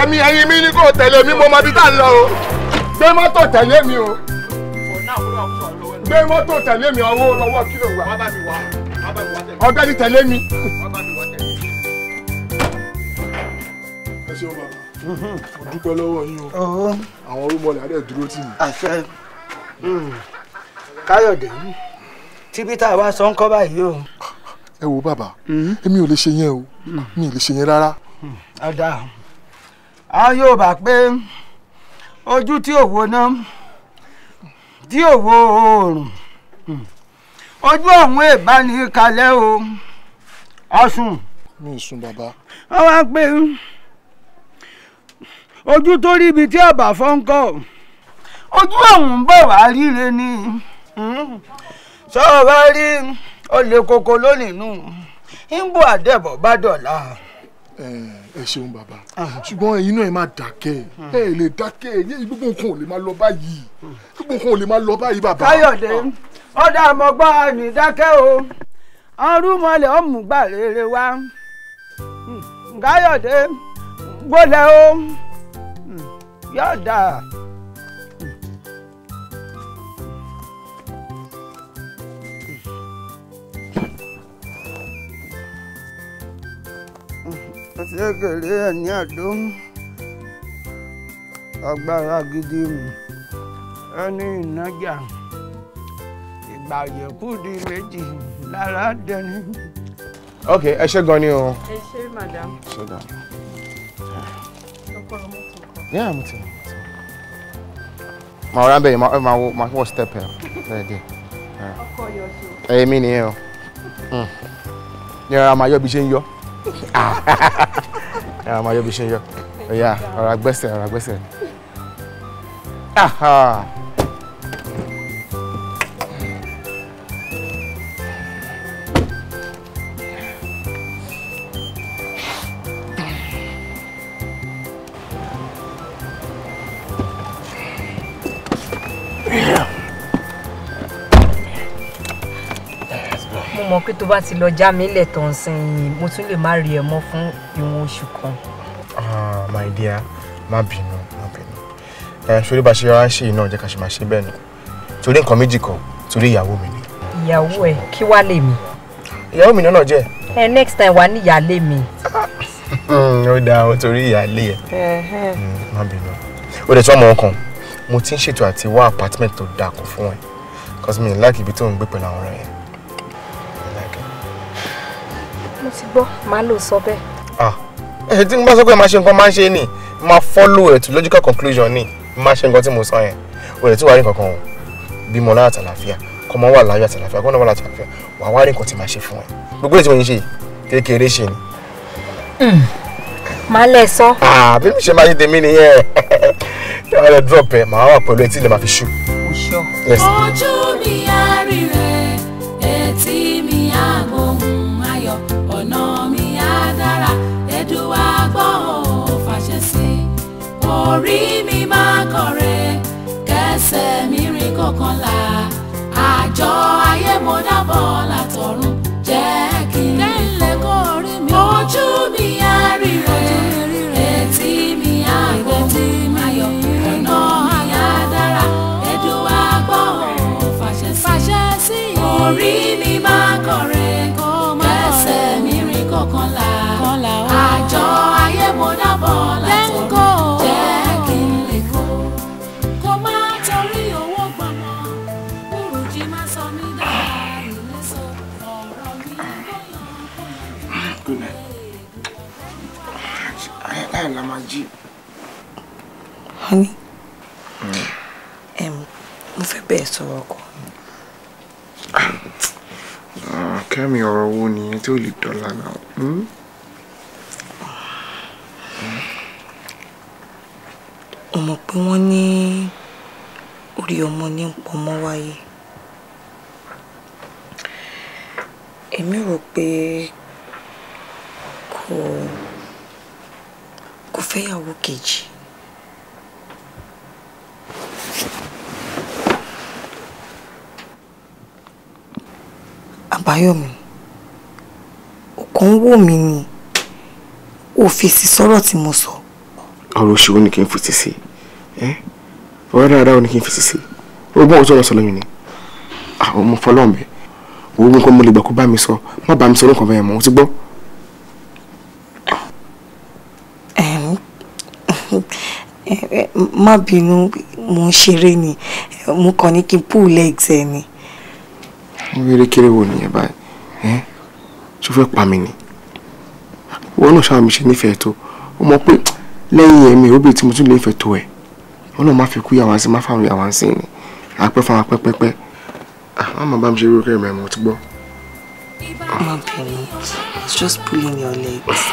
ẹ̀mí ẹ̀yìn mi ni kò tẹ̀lé mi mo mọ ibi tá à ń lọ o gbé mọ́tò tẹ̀lé mi o gbé mọ́tò tẹ̀lé mi ọwọ́ lọ́wọ́ kílò wa ọ̀gbẹ́ni tẹ̀lé mi. ẹ ṣeun bàbá mo dúpẹ́ lọ́wọ́ yín o àwọn olúmọlẹ̀ adé dúró tì mí. àṣẹ hmm. káyọ̀dé tí peter wá sọ ń kọ́ báyìí o ẹ wo bàbá mm-hmm. èmi ò lè ṣe yẹn o mm-hmm. mi ò lè ṣe yẹn rárá. ọ̀dà mm-hmm. a yóò bá pé ojú tí ò wo náà tí ò wo oòrùn ojú ọ̀hún ìbánikalẹ̀ o ọ̀sùn. mi ì sùn bàbá. wọ́n wá pé ojú tó rí ibi tí àbà fọ́ ń kọ́ ojú ọ̀hún bọ̀ wá ríre ni sọ̀rọ̀ rí. So, ó lè koko lónìí nù ń bọ̀ àdẹ̀bọ̀ bá dọ̀la. ẹ ṣeun bàbá ṣùgbọ́n ẹ̀yin náà ẹ máa dákẹ́ ẹ lè dákẹ́ ẹ̀yin gbogbo nǹkan ò lè máa lọ báyìí gbogbo nǹkan ò lè máa lọ báyìí bàbá. káyọ̀dé ọ̀dà àmọ́gbọ́n àmì dákẹ́ o ọ̀rùnmọ̀lẹ̀ ọ̀mùgbà rere wa hmm, káyọ̀dé gbọ́dọ̀ o hmm, yọ̀ọ̀dà. kékeré ẹ̀ ní àdó agbára gidi mu ẹni ìnájà ìgbàyẹ̀kú di méjì lára dẹni. ok ẹ ṣe gan ni o. ẹ ṣe madam. ṣe gan. ọkọ ọmọ tó kọ. yẹ́n àmì tí màá rà bẹ́ẹ̀ màá wọ màá wọ step ẹ̀ bẹ́ẹ̀ dé. ọkọ yọjú. ẹ̀yin mi nìyẹn o. yẹ́n hmm. ara màá yọ bí ṣe ń yọ ẹ ah. ah, máa yọ bí ṣe yọ ọ̀yà ọ̀rọ̀ agbẹ́sẹ̀ ọ̀rọ̀ agbẹ́sẹ̀. tó bá ti lọ já mi lẹ̀ tán sẹ́yìn mo tún lè má rí ẹ mọ́ fún ìwọ̀n oṣù kan. ah my dear má bínú má bínú eh, ṣorí bá ṣe rárá ṣe iná jẹ́ ká ṣe máa ṣe bẹ́ẹ̀ ni torí nǹkan méjì kan torí ìyàwó mi ni. ìyàwó ẹ kí wàá lè mi. ìyàwó mi náà jẹ́. ẹ eh, next time wàá ní ìyáálé mi. Hmm, ó dáa o torí ìyáálé ẹ hmm, má bínú o dẹ̀ tún ọmọ wọn kan mo ti ń ṣètò àti wá apartment tó dáa kó fún ẹ cause mi like ibi tó ń gbé pẹ̀lú àwọn ọ̀rẹ́ yẹn. ti gbọ́ màá lò sọ bẹ́ẹ̀. ah ẹ tí mo bá sọ pé màá ṣe nǹkan máa ń ṣe ni máa follow it to logical conclusion ni máa ṣe nǹkan tí mo sọ yẹn o lè tí wàá rí nǹkan kan o bímọ láyà tàlàfíà kọmọ wà láyà tàlàfíà kọ́nà wà láyà tàlàfíà wàá wá rí nǹkan tí màá ṣe fún ẹ gbogbo èyí tí ṣe kékeré ṣe ni. Hmm. màá lẹ sọ. bí mi ṣe máa ṣe tèmi nìyẹn drop ẹ màá wà pẹ̀lú ẹ tí ilẹ̀ máa fi ṣú. ojú mi á orí mi máa kọ̀rẹ́ kẹsẹ̀ mi rìn kọ̀kànlá àjọ ayé mo dábọ̀ látọ̀run jẹ́ kí n lè kó orí mi ojú mi á rí etí mi á gbọ́ ayọ̀ ọ̀nà àyà dára ẹ̀dùn àgbọ̀ fàṣẹ sí orí mi. nine la máa jí. honey hmm. mo fẹ́ bẹ́ẹ̀ sọ̀rọ̀ ọkọ. Ah, kẹ́mi ọ̀rọ̀ wo nìyẹn tí ò lè dọ́là náà. Hmm? o mọ̀ pé wọ́n ní orí ọmọ ní pọmọ́ wáyé. èmi rò pé kò. Cool kò fẹ́yàwó kejì. àbáyọ̀mí ọkàn ń wò mí ni ò fèsì sọ́rọ̀ tí mo sọ. ọ̀rọ̀ òṣèlú ni kí n fèsì sí ọ̀rọ̀ dáadáa ni kí n fèsì sí ọgbọ́n òótọ́ lọ sọ lóyún ni àwọn ọmọ fọlọ́ọ̀mẹ́ òun kò mo lè gbà kó bá mi sọ má bá mi sọ lóko bẹ́ẹ̀ mọ́ ó ti gbọ́. Eh, eh, má bínú mo ń ṣeré ni eh, mo kàn ní kí n pull legs ẹ ni. wíwéré kéré wo nìyẹn báyìí tó fẹ́ pa mí ni wọn náà ṣáà mi ṣe nífẹ̀ẹ́ tó ó mọ pé lẹ́yìn ẹ̀mí òbí tí mo tún lè fẹ́ tó ẹ̀ wọn náà má fi kú yàwá sí má fáwọn yàwá sí ni àpẹ́ fáwọn pẹ́pẹ́pẹ́ àwọn ah, máa bá mi ṣe irú kẹrìnmẹ́rin mo ti gbọ́. Mom, Penny, it's just pulling your legs.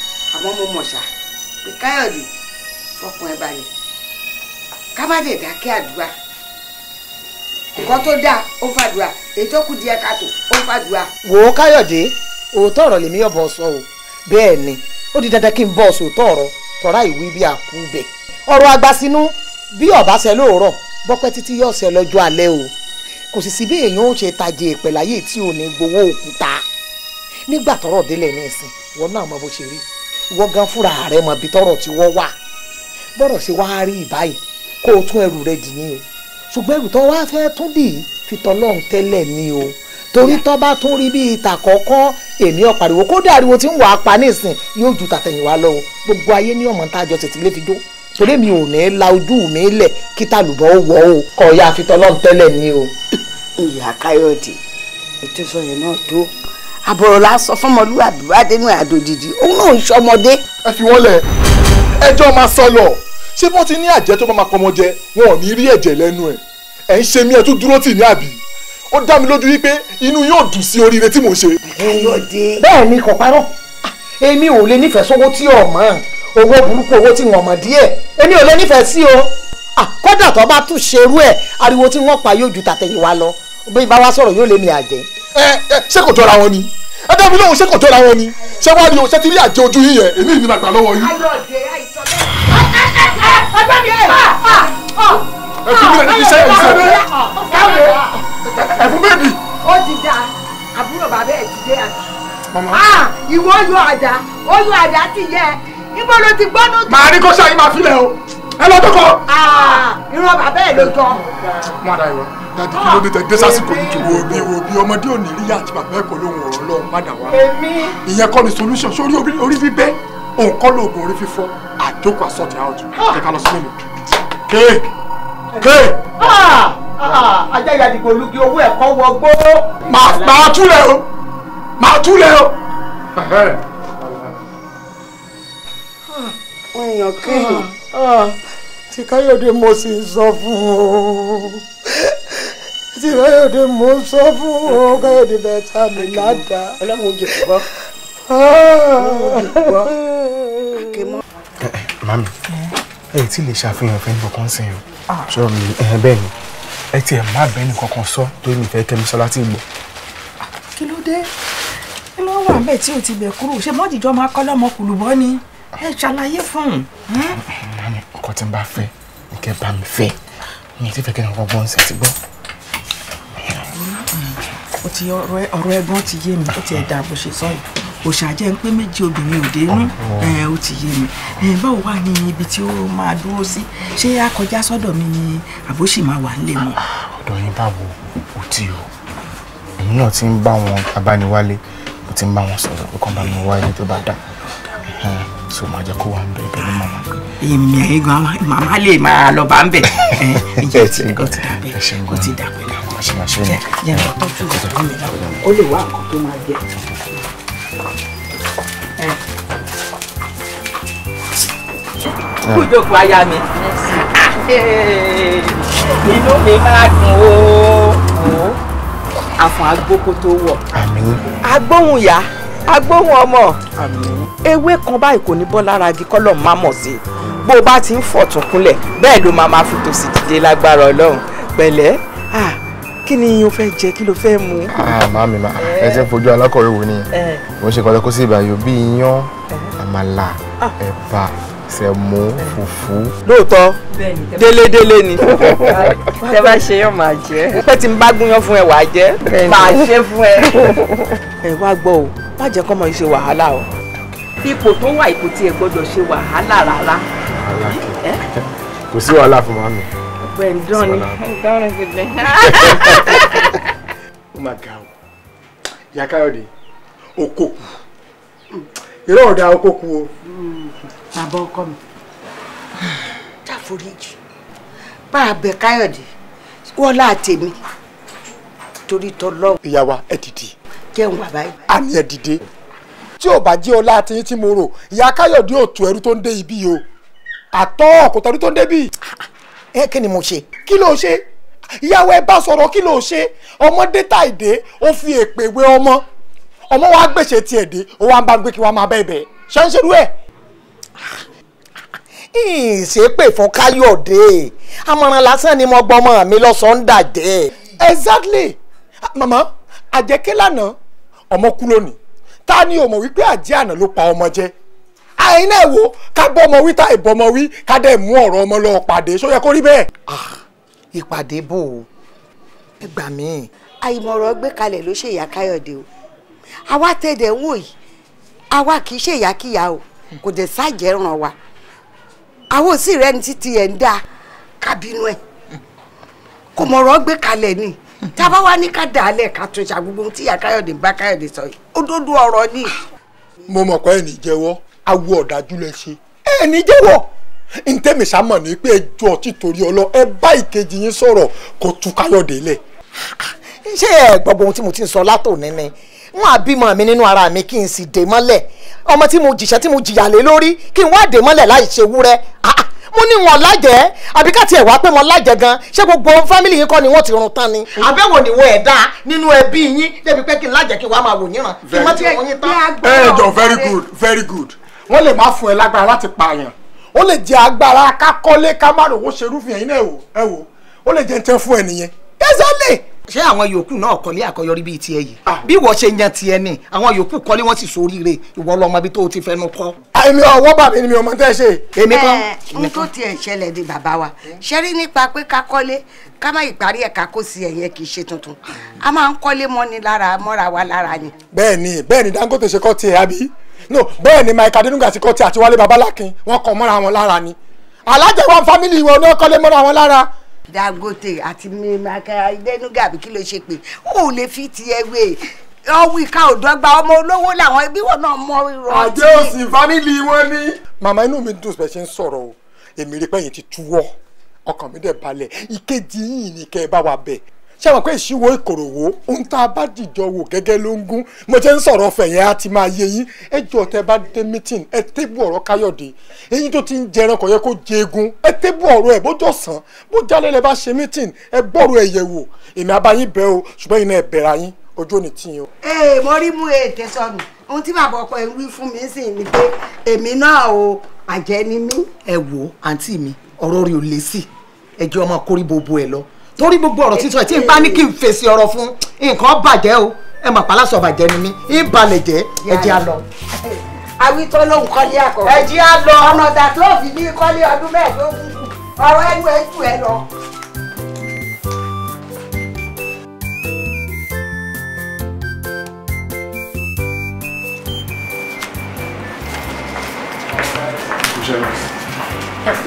àmọ́ mo mọ̀ ṣá pé káyọ̀dé fọkàn ẹ balẹ̀ ká má dẹ̀ dákẹ́ àdúrà nǹkan tó dáa ó fàdúrà èyí tó kù díẹ̀ káàtó ó fàdúrà. wò ó káyọ̀dé òótọ́ ọ̀rọ̀ lèmi ọ̀bọ̀ sọ o bẹ́ẹ̀ ni ó di dandan kí n bọ́ sòótọ́ ọ̀rọ̀ tọ́ra ìwé bí àkú bẹ̀ ọ̀rọ̀ agbásínú bí ọ̀bá ṣe lóòrọ̀ bọ́pẹ́ títí yóò ṣe lọ́jọ́ alẹ́ o kò sì sí bí èèyàn ó ṣe tajẹ ìpẹ̀láyé tí ò ní gbowó òkúta nígbà tọ́rọ̀ délẹ̀ ní ẹ̀sìn wọn náà mọ bó ṣe rí ìwọ gan fúnra rẹ mọ̀ bí tọrọ tí wọ́n wà bọ́rọ̀ sí wàá rí ìbáyìí kó o tún ẹrù rẹ dì ní o ṣùgbọ́n ẹrù tó wá fẹ́ tún dì í fi tọ́lọ́hún tẹ́lẹ̀ ní o torí tó bá tún rí bí ìta kọ̀ọ̀kan èmi ọ̀pariwo kódà ariwo tí ń wà á pa nísìn yóò ju tàtẹ̀yìnwá lọ o gbogbo ayé ní ọmọ ntájọ tètè lè fi jó torí mi ò ní la ojú mi lẹ̀ kí tàlùbọ̀ ó wọ̀ o kọ̀ fi tọ́lọ́hún tẹ́lẹ̀ ní o. ìyá káyọ̀dé ètò sọ̀rọ̀ náà tó àbọ̀rọ̀ la sọ fọmọlúwàbí wá dénú àdòdìdì òun náà ìṣọmọdé. ẹ fi wọn lẹ ẹjọ́ máa sọ lọ ṣé bọ́n ti ní àjẹ́ tó bá máa pọmọ jẹ wọn ò ní rí ẹ̀jẹ̀ lẹ́nu ẹ̀ ẹ̀ ń ṣe mí ẹ̀ tún dúró tì ní àbí ó dá mi lójú wípé inú yóò dùn sí oríire tí mò ń ṣe. bẹ́ẹ̀ ni kò parọ́ èmi ò lè nífẹ̀ẹ́ sówó tí ò mọ̀ owó burúkú owó tí wọ́n mọ̀ díẹ̀ èmi ò lè nífẹ̀ẹ́ sí o ah, kódà tó bá tún ṣerú ẹ̀ ariwo tí wọ́n pa yóò ju tàtẹ̀yìnwá lọ bí bá wá sọ̀rọ̀ yóò lé mi àjẹ́ ẹ eh, ẹ eh, ṣé kò jọra wọn ni ẹ dẹ́bi lóhùn ṣé kò jọra wọn ni ṣé wàá rí o ṣé ti rí àjẹ ojú yín yẹn èmi ìlú màgbà lọ́wọ́ yín. ẹ fún mi lẹ́nu iṣẹ́ ìṣẹ́ ẹ fún bẹ́ẹ̀bì. ó ti da àbúrò bàbá ẹ̀ ti dé àná. Ah, ìwọ yọ àdá ó yọ àdá ti yẹ ibo ló ti gbọ́dọ̀ tó. màá rí kó ṣáà yín máa filẹ̀ o ẹ lọ tọkọ. irọ́ bàbá ẹ̀ ló tọ́. má dà irọ́ dàdí kí ló dé tẹ dé sásìkò yìí wo bí wo bí ọmọdé ò ní rí yá àti bàbá ẹ̀ kò lóhùn ọ̀rọ̀ lọ́hùn má dà wá. ìyẹn kọ́ ni solution sórí orí fífẹ́ òun kọ́ lóògùn orí fífọ́ àjókòó àsọ̀tì out ah. kẹ̀kẹ́ lọ sí mímu. kéèkì kéèkì. Ah, ah, ajá ìyá dìgbò olùkí owó ẹ̀kọ́ wọ gbó. màá túlẹ̀ o màá túlẹ̀ o èèyàn kéèyàn Ah, tí káyọ̀dé mo sì ń sọ fún o tí káyọ̀dé mo ń sọ fún o káyọ̀dé bẹ́ẹ̀ ta mi ládàá. ọlọ́run oúnjẹ kò bọ́ ah. mami ẹ ẹ eh? lè ṣàfihàn ìfẹ́ nípa kan sí o ah. sọ mi bẹ́ẹ̀ ni ẹ ti ẹ̀ má bẹ́ẹ̀ ni kankan sọ torí mi fẹ́ kẹ́mi sọ láti gbọ́. kí ló dé kí ló wà ń bẹ̀ tí o ti bẹ̀ kúrò ṣé mọ́jìjọ́ máa kọ́ lọ́mọ kùlùbọ́ ni ẹ ṣàlàyé fún un. mami nǹkan tí n bá fẹ́ nǹkan bá mi fẹ́ mi ti fẹ́ kí n kọ́ gbọ́n ṣe ti gbọ́. o ti ọ̀rọ̀ ẹ̀gbọ́n ti yé mi ó ti ẹ̀dá bó ṣe sọ yìí òṣàjẹ́ ń pé méjì obìnrin òde inú ó ti yé mi báwo wà ní ibi tí ó máa dúró sí ṣé a sọ́dọ̀ mi ni àbóṣì máa wà nílé mi. ọ̀dọ̀ yín báwo ò tí o èmi náà ti ń bá wọn abániwálé mo ti ń bá wọn sọ̀rọ̀ pé kàn bá mi wá tó bá dà so máa jẹ́ kó wà ń bẹ̀ màmá. èmi ẹ̀ gan màmá lè máa lọ bá ń bẹ̀ ẹ̀ ti dà bẹ́ẹ̀ ti dà pẹ̀lú àwọn ọ̀ṣẹ́ jẹ́ jẹ́ lọ tọ́jú ọ̀ṣẹ́ mi lọ ó lè wá nǹkan tó máa jẹ. kú jókòó aya mi inú mi máa dùn ó àfọ̀n agbókò wọ̀ agbóhùn yá agbóhùn ọmọ ewé kan báyìí kò ní bọ́ lára igi kọ́lọ̀ má mọ̀ sí bó o bá ti ń fọ̀tún kúnlẹ̀ bẹ́ẹ̀ ló máa máa fi tòsì dìde lágbára ọlọ́run pẹ̀lẹ́ kí ni o fẹ́ jẹ kí ló fẹ́ mu. màá mi máa ẹ ti ń fojú alákọ̀wé wo nìyẹn mo ń ṣe kọ́lẹ́ kó sí ìbàyò bíi iyán àmàlà ẹ̀bà sẹ̀mú fùfú. lóòótọ́ délédélé ni tẹ bá ṣe yàn máa jẹ. pé tí n bá gúnyán fún ẹ wàá jẹ máa ṣe fún ẹ. ẹ wá gbọ́ o má jẹ́ kọ́mọ yìí ṣe wàhálà o ipò tó wà ipò tí ẹ gbọ́dọ̀ ṣe wàhálà rárá. kò sí wàhálà fún màmí. ọ̀pẹ̀ ǹdán ni ǹdán ni gidi. ó máa ga o ìyá káyọ̀dé okòkù irọ́ ọ̀dà okòkù o. bàbá ọkọ mi jáforíjì bá a bẹ káyọ̀dé wọ́n láà tèmi torí tọ́lọ́. ìyá wa ẹ dìde jẹun bàbá yìí. àmì ẹ̀ dìde tí ò bá jẹ́ ọlá àtìyín tí mo rò ìyá káyọ̀dé òtún ẹrú tó ń dé ibi o àtọ́ kò tẹ̀rú tó ń dé bí. ẹ kí ni mo ṣe. kí ló ṣe ìyàwó ẹ bá sọ̀rọ̀ kí ló ṣe ọmọdé tàìdé ó fi èpè wé ọmọ ọmọ wa gbèsè tiẹ̀ dé ó wá ń bá gbé kí wọ́n máa bẹ́ẹ̀ bẹ́ẹ̀ ṣé ń ṣerú ẹ̀. ìṣépè fún káyọ̀dé amọ̀ràn lásán ni mo gbọ́ ọmọ mi lọ́sàn-án dàjẹ́. exactly mama àjẹkẹ́ lánàá ọmọ kú lónìí ta ni o mọ̀ wípé àjẹ́ àná ló pa ọmọ jẹ àyìn náà wo ká bọ́mọ wí ta ìbọmọ wí ká dẹ̀ mú ọ̀rọ̀ ọmọ lọ pàdé ṣó yẹ kó rí bẹ́ẹ̀. Ah, ìpàdé bò ó ẹ gbà mí. àìmọ̀rọ̀ gbé kalẹ̀ ló ṣe ìyá káyọ̀dé o àwa tẹ̀dẹ̀ ń wò yìí àwa kì í ṣe ìyákíyà o kò dẹ̀ sáàjẹ́ ràn wá àwọn òsì rẹ̀ ní títí ń dáa kábínú ẹ̀ kò mọ̀rọ̀ gbé kalẹ̀ ni tá a bá wá ní ká dà á lẹ̀ ká tún ṣe àgbogbo tí ìyá káyọ̀dé ń bá káyọ̀dé sọ yìí òdodo ọ̀rọ̀ ni. mo mọ̀ pé ẹnì jẹ́wọ́ awo ọ̀dájú lẹ ṣe ẹnì jẹ́wọ́ ntẹ́mi sámọ̀ ní pé ẹjọ́ ọtí torí ọlọ ẹ bá ìkejì yín sọ̀rọ̀ kó tú káyọ̀dé lẹ̀. ṣé ẹ gbogbo ohun tí mo ti ń sọ látòní ni wọn á bímọ mi nínú ara mi kí n sì dè mọ́lẹ̀ ọmọ tí mo jìṣẹ́ tí mo jìyà lé lórí kí n wá dè mọ́lẹ̀ láì ṣe wúrẹ́ ah, ah mo ní wọn lájẹ àbí káàtì ẹ̀ wá pé wọn lájẹ gan ṣé gbogbo fámìlì yín kọ́ ni wọ́n ti run tán ni. àbẹ̀wò nìwọ ẹ̀dá nínú ẹbí yín débi pé kí n lájẹ kí wàá máa wò yín ràn kí n má ti tán. ẹ very good very good wọ́n lè má fún ẹ lágbára láti pààyàn ó lè jẹ agbára ká kọ́lé ká má rò ó ṣerúfin ẹ̀yin náà ẹ wò ó lè jẹ ń tẹ́ fún ẹ nìyẹn. yẹ́sọ̀ lè ṣé àwọn yòókù náà kọ́lé àkọyọrí bíi tiẹ̀ yìí ah. bí wọ́n ṣe yan tiẹ̀ ni àwọn yòókù kọ́lé wọ́n sì soríire ìwọ lọ́mọ ibi tó o ti fẹnu kọ́. Ah, èmi ọwọ́ bàbá mi mi ò mọ tẹ́ ṣe. èmi kan. Eh, n tó tiẹ̀ ṣẹlẹ̀ di bàbá wa ṣe rí nípa pé ká kọ́lé ká má ìparí ẹ̀ ká kó sí ẹ̀yẹ kì í ṣe tuntun a máa ń kọ́lé mọ́ni lára mọ́ra wa lára ni. bẹ́ẹ̀ni bẹ́ẹ̀ni Dangote ṣe kọ́ tiẹ̀ àbí no bẹ́ẹ̀ni Mike Adenuga ti kọ́ tiẹ̀ àti Wálé Babalákin wọ́n kọ́ mọ́ra wọn lára ni alájẹwọ́n fámìlì wọn ni wọ́n kọ́lé mọ́ra wọn lára Dangote àti Michael Denuga àbí kí ló ṣe pé ó lè fi ti ẹ wé ọwọ́ ìka òdọ́gba ọmọ olówó làwọn ẹbí wọn náà mọ ìrọ̀ àti. àjẹ́ òsì fámìlì wọn ni. màmá inú mi dùn ṣe ń sọ̀rọ̀ o èmi rí pé yín ti túwọ́ ọkàn mi dẹ̀ balẹ̀ ìkejì yìí ni kẹ́ ẹ bá wa bẹ̀ ṣé àwọn pé ìṣíwò ìkòròwò ohun tá a bá dìjọ wò gẹ́gẹ́ ló ń gún mo ti ń sọ̀rọ̀ ọ̀fẹ́ yẹn á ti máa yé yín ẹ jọ tẹ bá dé mítìn ẹ tébù ọ̀rọ̀ káyọ̀dé eyín tó ti ń jẹran kò yẹ kó jẹgun ẹ tébù ọ̀rọ̀ ẹ bójọ́ sàn bó jálẹ̀ lẹ bá ṣe mítìn ẹ gbọ́rọ̀ ẹ yẹ̀ wò èmi àbáyín bẹ́ o ṣùgbọ́n iná ẹ bẹ̀rẹ̀ ayín ojú òní tì yín o. ee mo rí mú ètè sọnù ohun tí bàbá ọkọ ẹ wí fún mi sì ni pé èmi náà o àjẹ́ ni mí. ẹ wo àǹtí mi ọ̀rọ̀ rí o lè sí ẹjọ́ ọmọ kórìbóbo ẹ lọ torí gbogbo ọ̀rọ̀ sísọ ẹ̀ tí n bá ní kí n fèsì ọ̀rọ̀ fún nǹkan bàjẹ́ o ẹ mà pàlásọ̀ bàjẹ́ ni mí ń balẹ̀ jẹ́ ẹ jẹ́ lọ. awitọ́ ló ń kọ́lé àkọ́kọ́. ẹ jẹ́ lọ. ọ̀nà ọ̀dà tó fi bí kọ́lé ọdún mẹ́ẹ̀ẹ́dógún ọ̀rọ̀ ẹnu ẹ̀ ẹ lọ.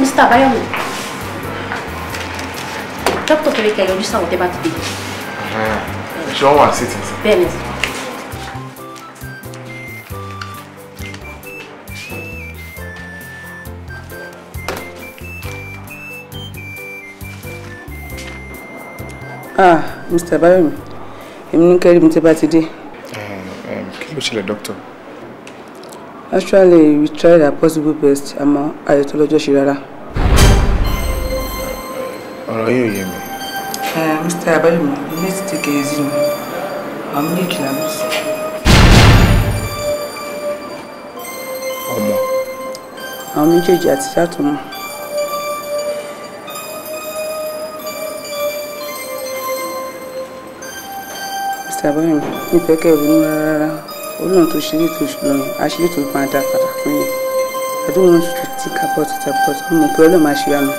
Mr. Bayomi. Doctor, tó lè kẹ́ yọjú sáwọn tẹ́ bá ti dé. ṣé wọ́n wà sí ti ah mr bayomi èmi ní kẹ́rì mi tẹ́ bá ti Can you tell the doctor? actually we tried our possible best àmọ́ àyètò lọ́jọ́ ṣe rárá ọ̀rọ̀ yìí ò yé mi. Mr. Abẹ́lùmọ̀ ilé ti ti kèézì mi àwọn méjì là ń sọ. ọmọ. àwọn méjèèjì àti yàtọ̀mọ́. Mr. Abayomi. Abẹ́lùmọ̀ nífẹ̀ẹ́ kẹ́rù ní rárá olóhùn tó ṣe létò ṣùgbọ́n àṣírí tó máa dá padà fún yẹn I don't want you to think about it about mo pẹ́ ọlọ́mọ àṣírí àná.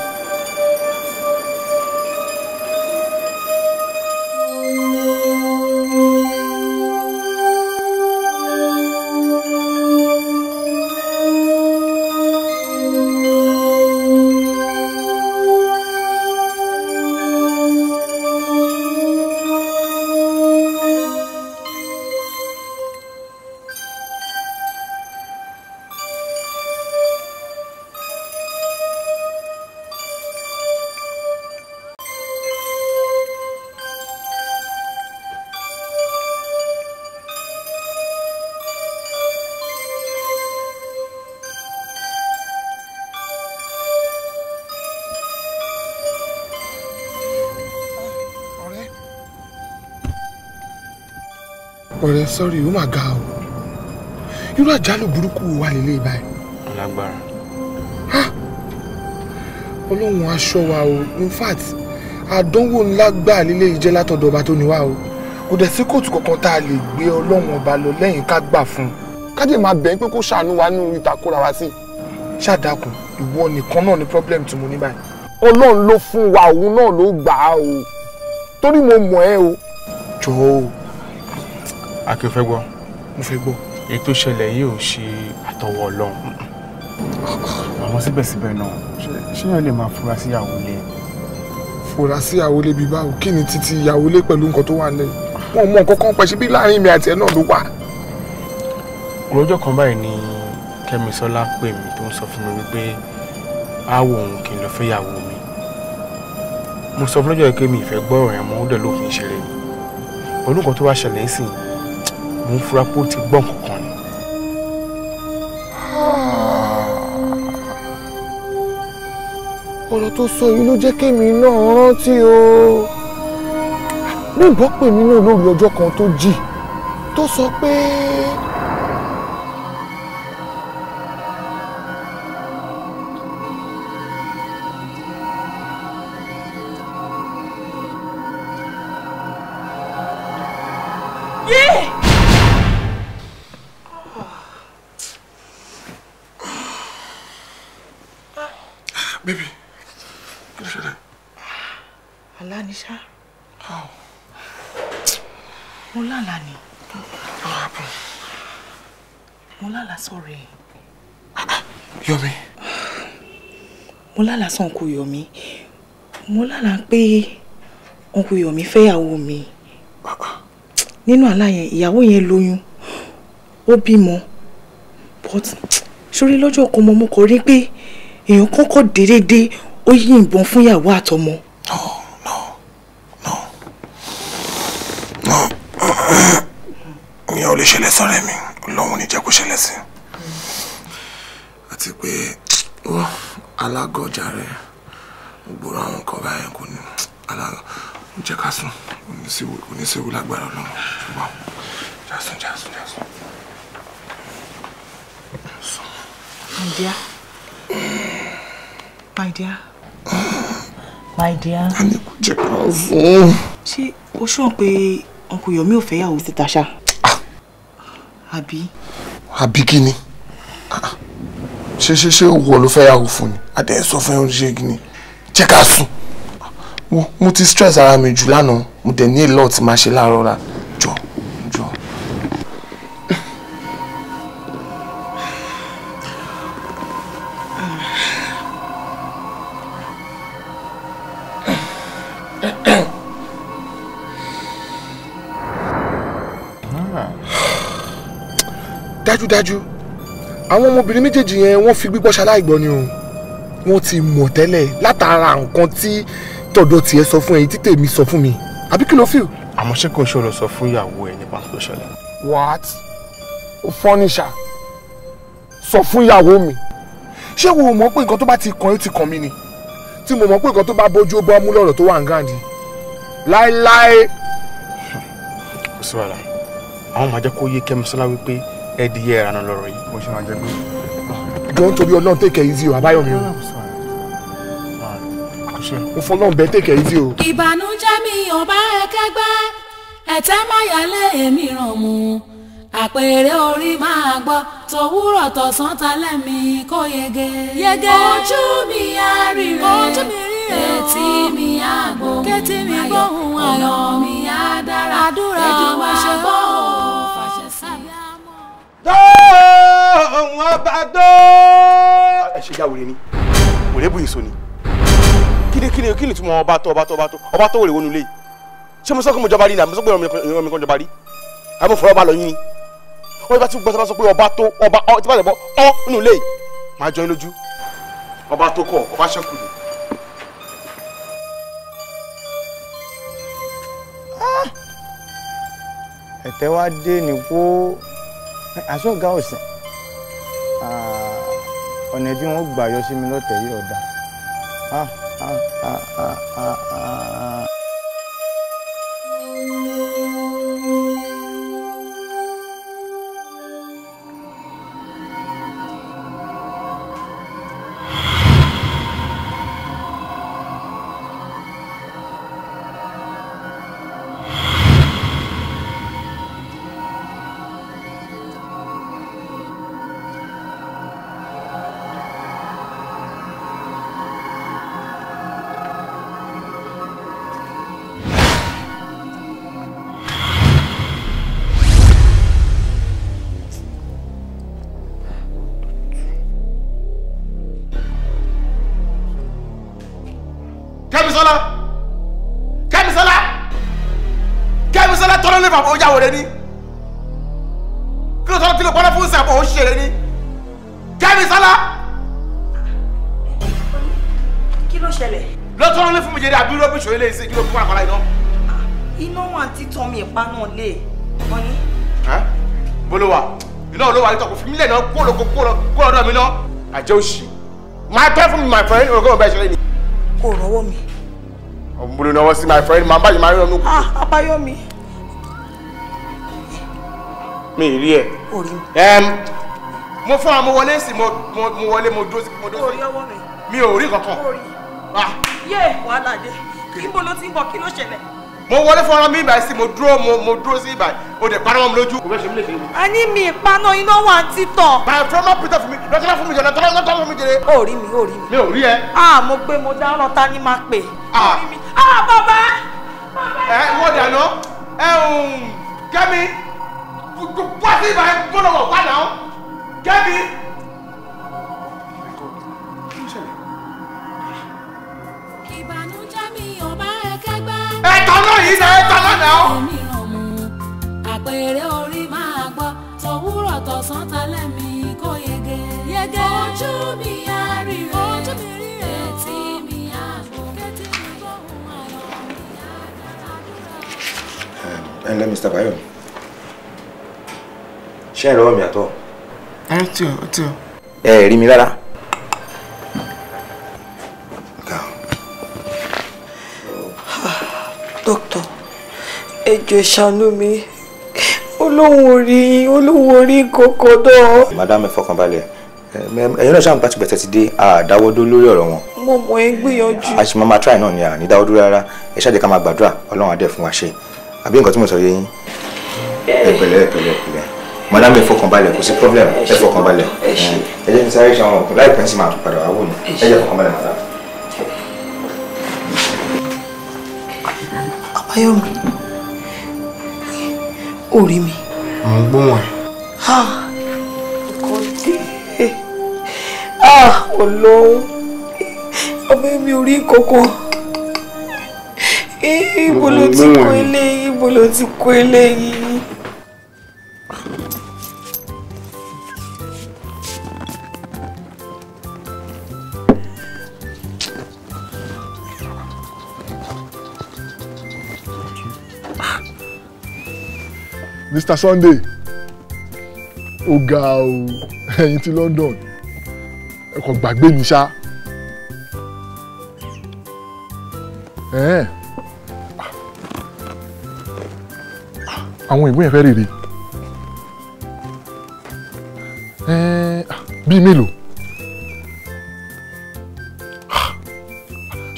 sorry ó mà ga o irú àjálù burúkú wà nílé báyìí. lágbára. ọlọ́run aṣọ wa o in fact àdánwò ńlá gbà nílé ìjẹ́ látọ̀dọ̀ ọba tó ní wa o kò dẹ̀ sí kóòtù kankan tá a lè gbé ọlọ́run ọba lọ lẹ́yìn ká gbà fún un káde máa bẹ̀ ẹ́ pé kó ṣàánú wa nínú ìtakora wa sí ṣàdákùn ìwọ nìkan náà ni problem tí mo ní báyìí ọlọ́run ló fún wa òun náà ló gbà á o torí mo mọ̀ ẹ́ o jọ̀ọ́ akin fẹ́ gbọ́. mo fẹ́ gbọ́. ètò ìṣẹ̀lẹ̀ yìí ò ṣe àtọwọ́ ọlọ́run. àmọ́ síbẹ̀síbẹ̀ náà ṣé yẹn lè máa fura sí ìyàwó lé. fura sí ìyàwó lé bíi báwo kí ni títí ìyàwó lé pẹ̀lú nǹkan tó wà lẹ́yìn wọn mọ nǹkan kan pẹ̀ síbí láàrin mi àti ẹ̀ náà ló wà. òròjọ́ kan báyìí ni kẹ́misọ́lá pè mí tó ń sọ fún mi wípé aáwò òun kì í lọ fẹ́yàwó mi mo sọ fún lọ́jọ́ ìkémi ìfẹ́ gbọ́ ọ̀rẹ́ mọ́ ó dẹ̀ lófin ìṣeré pẹ̀lú nǹkan tó wá ṣẹlẹ̀ ń sìn yìí mo ń fura pé ó ti gbọ́n kankan ni. ọ̀rọ̀ tó sọ yìí ló jẹ́ kémi náà rántí o ní ìbọ́pẹ̀ mi náà lórí ọjọ́ kan tó jì tó sọ pé. lálàá sàn kò yọ̀ mí mo lálàá pé ọkọ yọ̀ mí fẹ́yàwó mi nínú àlá yẹn ìyàwó yẹn lóyún ó bímọ but sórí lọ́jọ́ kan mo mo kọ rí pé èèyàn kọ́kọ́ déédéé ó yí ìbọn fún ìyàwó àtọmọ. ìyẹn ò lè ṣẹlẹ̀ sọ́rẹ́ mi ọlọ́run ní jẹ́ kó ṣẹlẹ̀ sí àti pé alágọ̀jà rẹ̀ gbòòrò àwọn nǹkan báyẹn kò ní alágọ̀ jẹ́ ká sùn oníṣègùn lágbára ọlọ́run ṣùgbọ́n jásùn jásùn jásùn. My dear. My dear. My dear. A ní kò jẹ́ ká sùn. Ṣé o ṣọ́ pé ọkùnrin Yomi ò fẹ́yàwó síta tasha. Àbí? Àbí kí ni? ṣé ṣé ṣé wọ ló fẹ́ yàwó fún ni adé sọ fún ẹ̀rọ ṣe gini jẹ́ ká sùn mo ti stress ara mi jù lánàá mo dẹ̀ ní èlò tí máa ṣe láàárọ̀ la jọ jọ. dájúdájú àwọn ọmọbìnrin méjèèjì yẹn wọ́n fi gbígbọ́ ṣaláìgbọ́ ni o wọ́n ti mọ̀ tẹ́lẹ̀ látara nǹkan tí tọ̀dọ̀ tiẹ̀ sọ fún ẹ̀yìn tí tèmi sọ fún mi àbí kí ló fìl. àmọ́ ṣé kò ṣòro sọ fún ìyàwó ẹ nípa tó ṣẹlẹ̀. what o fọ́nìṣà sọ fún ìyàwó mi ṣé wo mọ̀ pé nǹkan tó bá ti kàn yín ti kàn mí ni tí mo mọ̀ pé nǹkan tó bá bójú ó bá mú lọ́rọ̀ tó wà ń gàǹdì láéláé. kò sí wàhálà àwọn máa jẹ́ kó yé kẹ́mi sọ́lá wípé ẹdìyẹ ìrànà lọ̀rọ̀ yìí mo ṣe máa jẹ pé. jọ nítorí Ọlọ́run take it easy o àbáyọmí o mo fọlọ́run bẹ́ẹ̀ take it easy o. ìbànújẹ́ mi ò bá ẹ kẹ́gbẹ́ ẹ̀tẹ́ èmi ràn mú àpèrè orí máa gbọ́ tòwúrọ̀ tọ̀sán talẹ́ mi kó yege. yege ojú mi á rí rẹ ojú mi rí rẹ o etí mi á gbóhùn ayọ̀ ọ̀nà mi á dára àdúrà wa ṣe bọ́ tó òun ọba tó. ẹ ṣe já wèrè ni wèrè bù èso ni kíni kíni kíni tí mo ọba tó ọba tó ọba tó ọba tó wèrè wọnú lé yìí ṣé mo sọ pé mo jọba rí ni àmì sọ pé ìran mi kan jọba rí àmì mo fọwọ́ ọba lọ yín ni wọ́n bá tún gbọ́ tí wọ́n sọ pé ọba tó ọba ọ tí wọ́n bá tẹ̀ bọ́ ọ nínú lé yìí máa jọ yín lójú ọba tó kọ ọba ṣẹ́kù ni. Ah! ẹ̀tẹ́ wá dé nìkú aṣọ ọ̀gá ọ̀sìn ọ̀nà tí wọ́n gbà yọ sí mi lọ́tẹ̀ yìí ọ̀dà. jáwèrè ni kí ló tọ́ kí ló pọ́nlẹ́ fún sẹ́pọ̀ ó ṣèrè ni kẹ́mi sálá. kí ló ṣẹlẹ̀. lọ́tọ́ ló fún mi jẹ́rẹ́ àbí rọ́bì ṣòye lè ṣe kí ló fún àkàrà iná. iná wà tí tán mi ìpa náà lè wọ́n ní. bolo wa iná olówó àti tọkọ fìmílẹ̀ náà kó lóko kó lọ kó lọ́dọ̀ mi náà àjẹ́ òṣì máa pẹ́ fún mi my friend ògùn ọ̀bẹ ìṣẹ̀lẹ̀ ni. kò rọwọ́ mi. ọ̀bùnrin náà wọ́n sí my friend màá bá yìí máa rí ọ̀nù. ah Abáyọ̀mí mi ì rí ẹ. orí mo fún wa mo wọlé sí mo wọlé mo dó sí. orí ọwọ́ mi. mi ò rí kankan. orí yé wàhálà dé níbo ló ti ń bọ̀ kí ló ṣẹlẹ̀. mo wọlé fọ́nrán mi ìbàyìí sí mo dúró mo dúró sí ìbàyìí o dẹ̀ paná mọ́ mi lójú. kò fẹ́ ṣe mí lè ṣe é. a ní mi ìpaná iná wà títọ̀. bàyà fúnra pété fún mi lọ́tọ́lá fún mi jẹ̀rẹ̀ lọ́tọ́lá lọ́tọ́lá fún mi jẹ̀rẹ̀. ó rí mi ó rí mi. mi ò rí ẹ. a mo gbé mo dá ọlọ́ta ní máa pè. a bàbá. ẹ wọ́n dànù ẹ ń um, kẹ́mi. What if I'm gonna walk right now? Get me! Ẹ̀tọ́ náà yìí náà ẹ̀tọ́ náà náà. Àpèrè orí máa gbọ́, tòwúrọ̀ tọ̀sán talẹ́ mi kó yege. Yege ojú mi á rí rẹ̀, ojú mi rí rẹ̀, etí mi á gbọ́, kétí mi gbọ́ ohun ayọ̀ mi á dára dúró. Ẹ ǹlẹ́ Mr. Bayo ṣé ẹ lọ́wọ́ mi àtọ́. ẹ tí o ẹ tí o. ẹ rí mi rárá. dókítà ẹ jọ̀ọ́ ṣàánú mi olóhùn orí olóhùn orí kòkó náà. madam ẹ fọkàn balẹ̀ ẹ̀yin náà ṣáà ń bá ti gbẹ̀tẹ̀ ti dé àdáwọ́dó lórí ọ̀rọ̀ wọn. mo mọ ẹ gbìyànjú. a ṣe máa ma try náà ni à ní dáwọ́dó rárá ẹ ṣáà jẹ́ ká máa gbàdúrà ọlọ́run á dẹ̀ fún wa ṣe àbí nǹkan tí mo sọ yé yín. ẹ pẹ̀lẹ́ ẹ pẹ̀lẹ́ ẹ pẹ̀lẹ́ madame ẹ fọkànbalẹ̀ kò sí problem ẹ fọkànbalẹ̀ ẹ jẹ́ kí n sáré ṣe àwọn òkun láìpẹ́ ń sì máa tún padà wá wò ní ẹ jẹ́ fọkànbalẹ̀ madame. Abáyọ̀mí orí mi. mo ń gbóhùn ẹ. kò dé ọlọ́run ọmọ mi ò rí kókó ibo ló ti kó eléyìí ibo ló ti kó eléyìí. Mr Sunday ó ga o ẹ̀yin ti London ẹ kò gbàgbé mi ṣá àwọn ìwé yẹn fẹ́ rèé bíi mélòó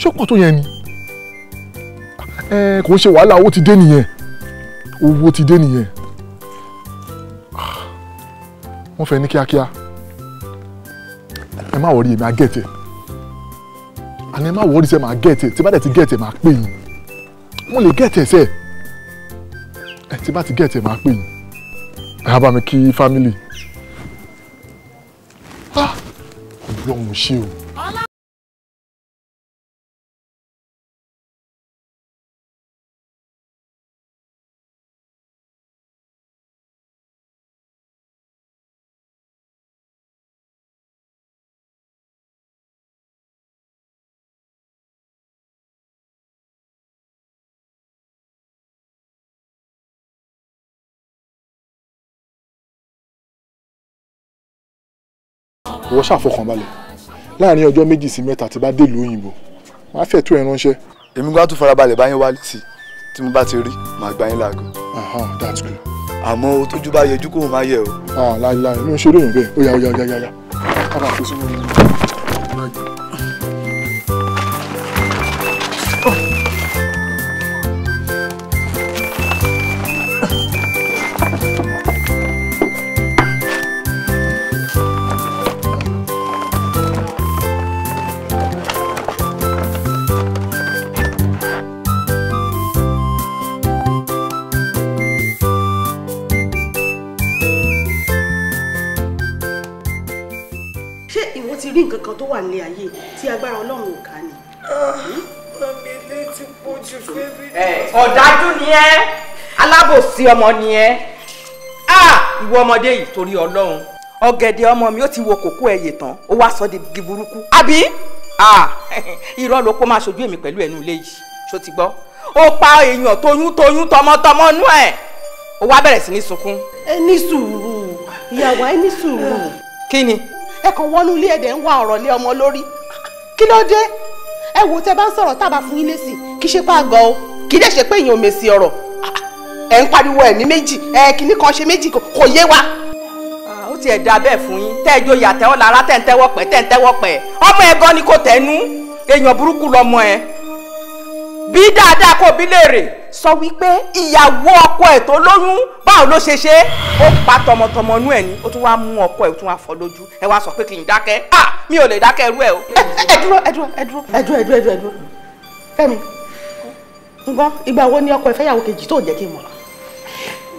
ṣé ó pọ̀ tó yẹn ni kò ń ṣe wàhálà owó ti dé nìyẹn owó ti dé nìyẹn wọ́n fẹ́ ní kíákíá ẹ má wọrí èmi á gẹ̀tẹ̀ àní ẹ má wọrí sẹ́ máa gẹ̀tẹ̀ tí bá dẹ̀ ti gẹ̀tẹ̀ máa pè yín mo lè gẹ̀tẹ̀ sẹ́ ẹ tí bá ti gẹ̀tẹ̀ máa pè yín ẹ bá mi kí fámìlì ah ọlọ́run ṣé o. ìwọ ṣàfọkànbalẹ̀ láàrin ọjọ́ méjì sí mẹ́ta tí bá dèlú òyìnbó máa fẹ́ tó ẹ ránṣẹ́. èmi gbọ́dọ̀ tún farabalẹ̀ bá yín wá létí tí mo bá ti rí màá gbá yín láago. that's good. àmọ́ tójú bá yẹjú kó o má yẹ o. láyé láyé mi ò ṣeré yẹn bẹ́ẹ̀ ó yá ó yá ó yá ó yá ká máa fi sínú wà ní ayé tí agbára ọlọ́run ò ká ni. Ah, mami ilé ti pọ̀ jù fẹ́mi. ọ̀dájú ni ẹ́ alábòsí ọmọ ni ẹ́ ah, ìwọ ọmọdé yìí torí ọlọ́run ọ̀gẹ̀dẹ̀ ọmọ mi ó ti wo kókó ẹyẹ tán ó wá sọ di igi burúkú àbí ah, irọ́ ló kó máa ṣojú èmi pẹ̀lú ẹnu ilé yìí ṣó ti gbọ́ ó pa èèyàn toyún toyún tọmọtọmọ nú ẹ̀ ó wá bẹ̀rẹ̀ sí ní sunkún. ẹ ní sùúrù ìyàwó ẹ ní sùúrù. kí ni ẹ kàn wọnú ilé ẹ̀dẹ̀ ń wá ọ̀rọ̀ lé ọmọ lórí kí ló dé ẹ wò tẹ bá ń sọ̀rọ̀ tábà fún yín lésì kì í ṣe pàgọ́ o kì í dẹ̀ ṣe pé èèyàn ò mèsì ọ̀rọ̀ ẹ̀ ń pariwo ẹ̀mí méjì ẹ̀ kìíní kan ṣe méjì kò yé wa. ó tiẹ̀ da bẹ́ẹ̀ fún yín tẹ́ ẹ jó yà tẹ́wọ́ lára tẹ́ ń tẹ́wọ́ pẹ́ tẹ́ ń tẹ́wọ́ pẹ́ ọmọ ẹ gan ni kò tẹ́nu èèyàn burúkú lọmọ ẹ bí dáadáa kò bí léèrè sọ wípé ìyàwó ọkọ ẹ̀ tó lóyún báwo ló ṣe ṣe ó pa tọmọtọmọ inú ẹ̀ ni ó tún wá mú ọkọ ẹ̀ tún wá fọ́ lójú ẹ wá sọ pé kì í dákẹ́ à mi ò lè dákẹ́ ẹrú ẹ o. ẹ dúró ẹ dúró ẹ dúró ẹ dúró ẹ dúró ẹ dúró ẹ dúró Fẹ́mi ngbọ́n ìgbà wo ni ọkọ ẹ fẹ́yàwó kejì tó jẹ́ kí n mọ̀ la.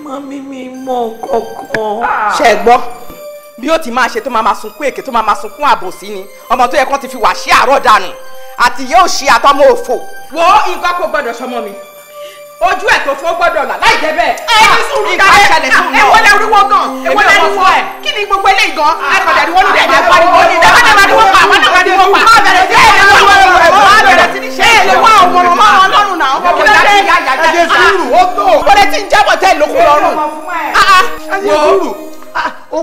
mami mi mọ kankan. ṣe gbọ́ bí ó ti máa ṣe tó máa máa sunkún èké tó máa máa sunkún àbòsí ni ọmọ tó yẹ kán ti fi wà sí àárọ̀ dànù àti yóò ṣe àtọmọ òfò. wo nǹkan kò gbọdọ̀ sọmọ mi ojú ẹ̀ tó láì ẹ ní sùúrù ẹ ẹ wọlé oríwó gan ẹ wọlé oríwó ẹ kí ni gbogbo eléyìí gan àkàndà ni wọ́n ní ẹ̀jẹ̀ pariwo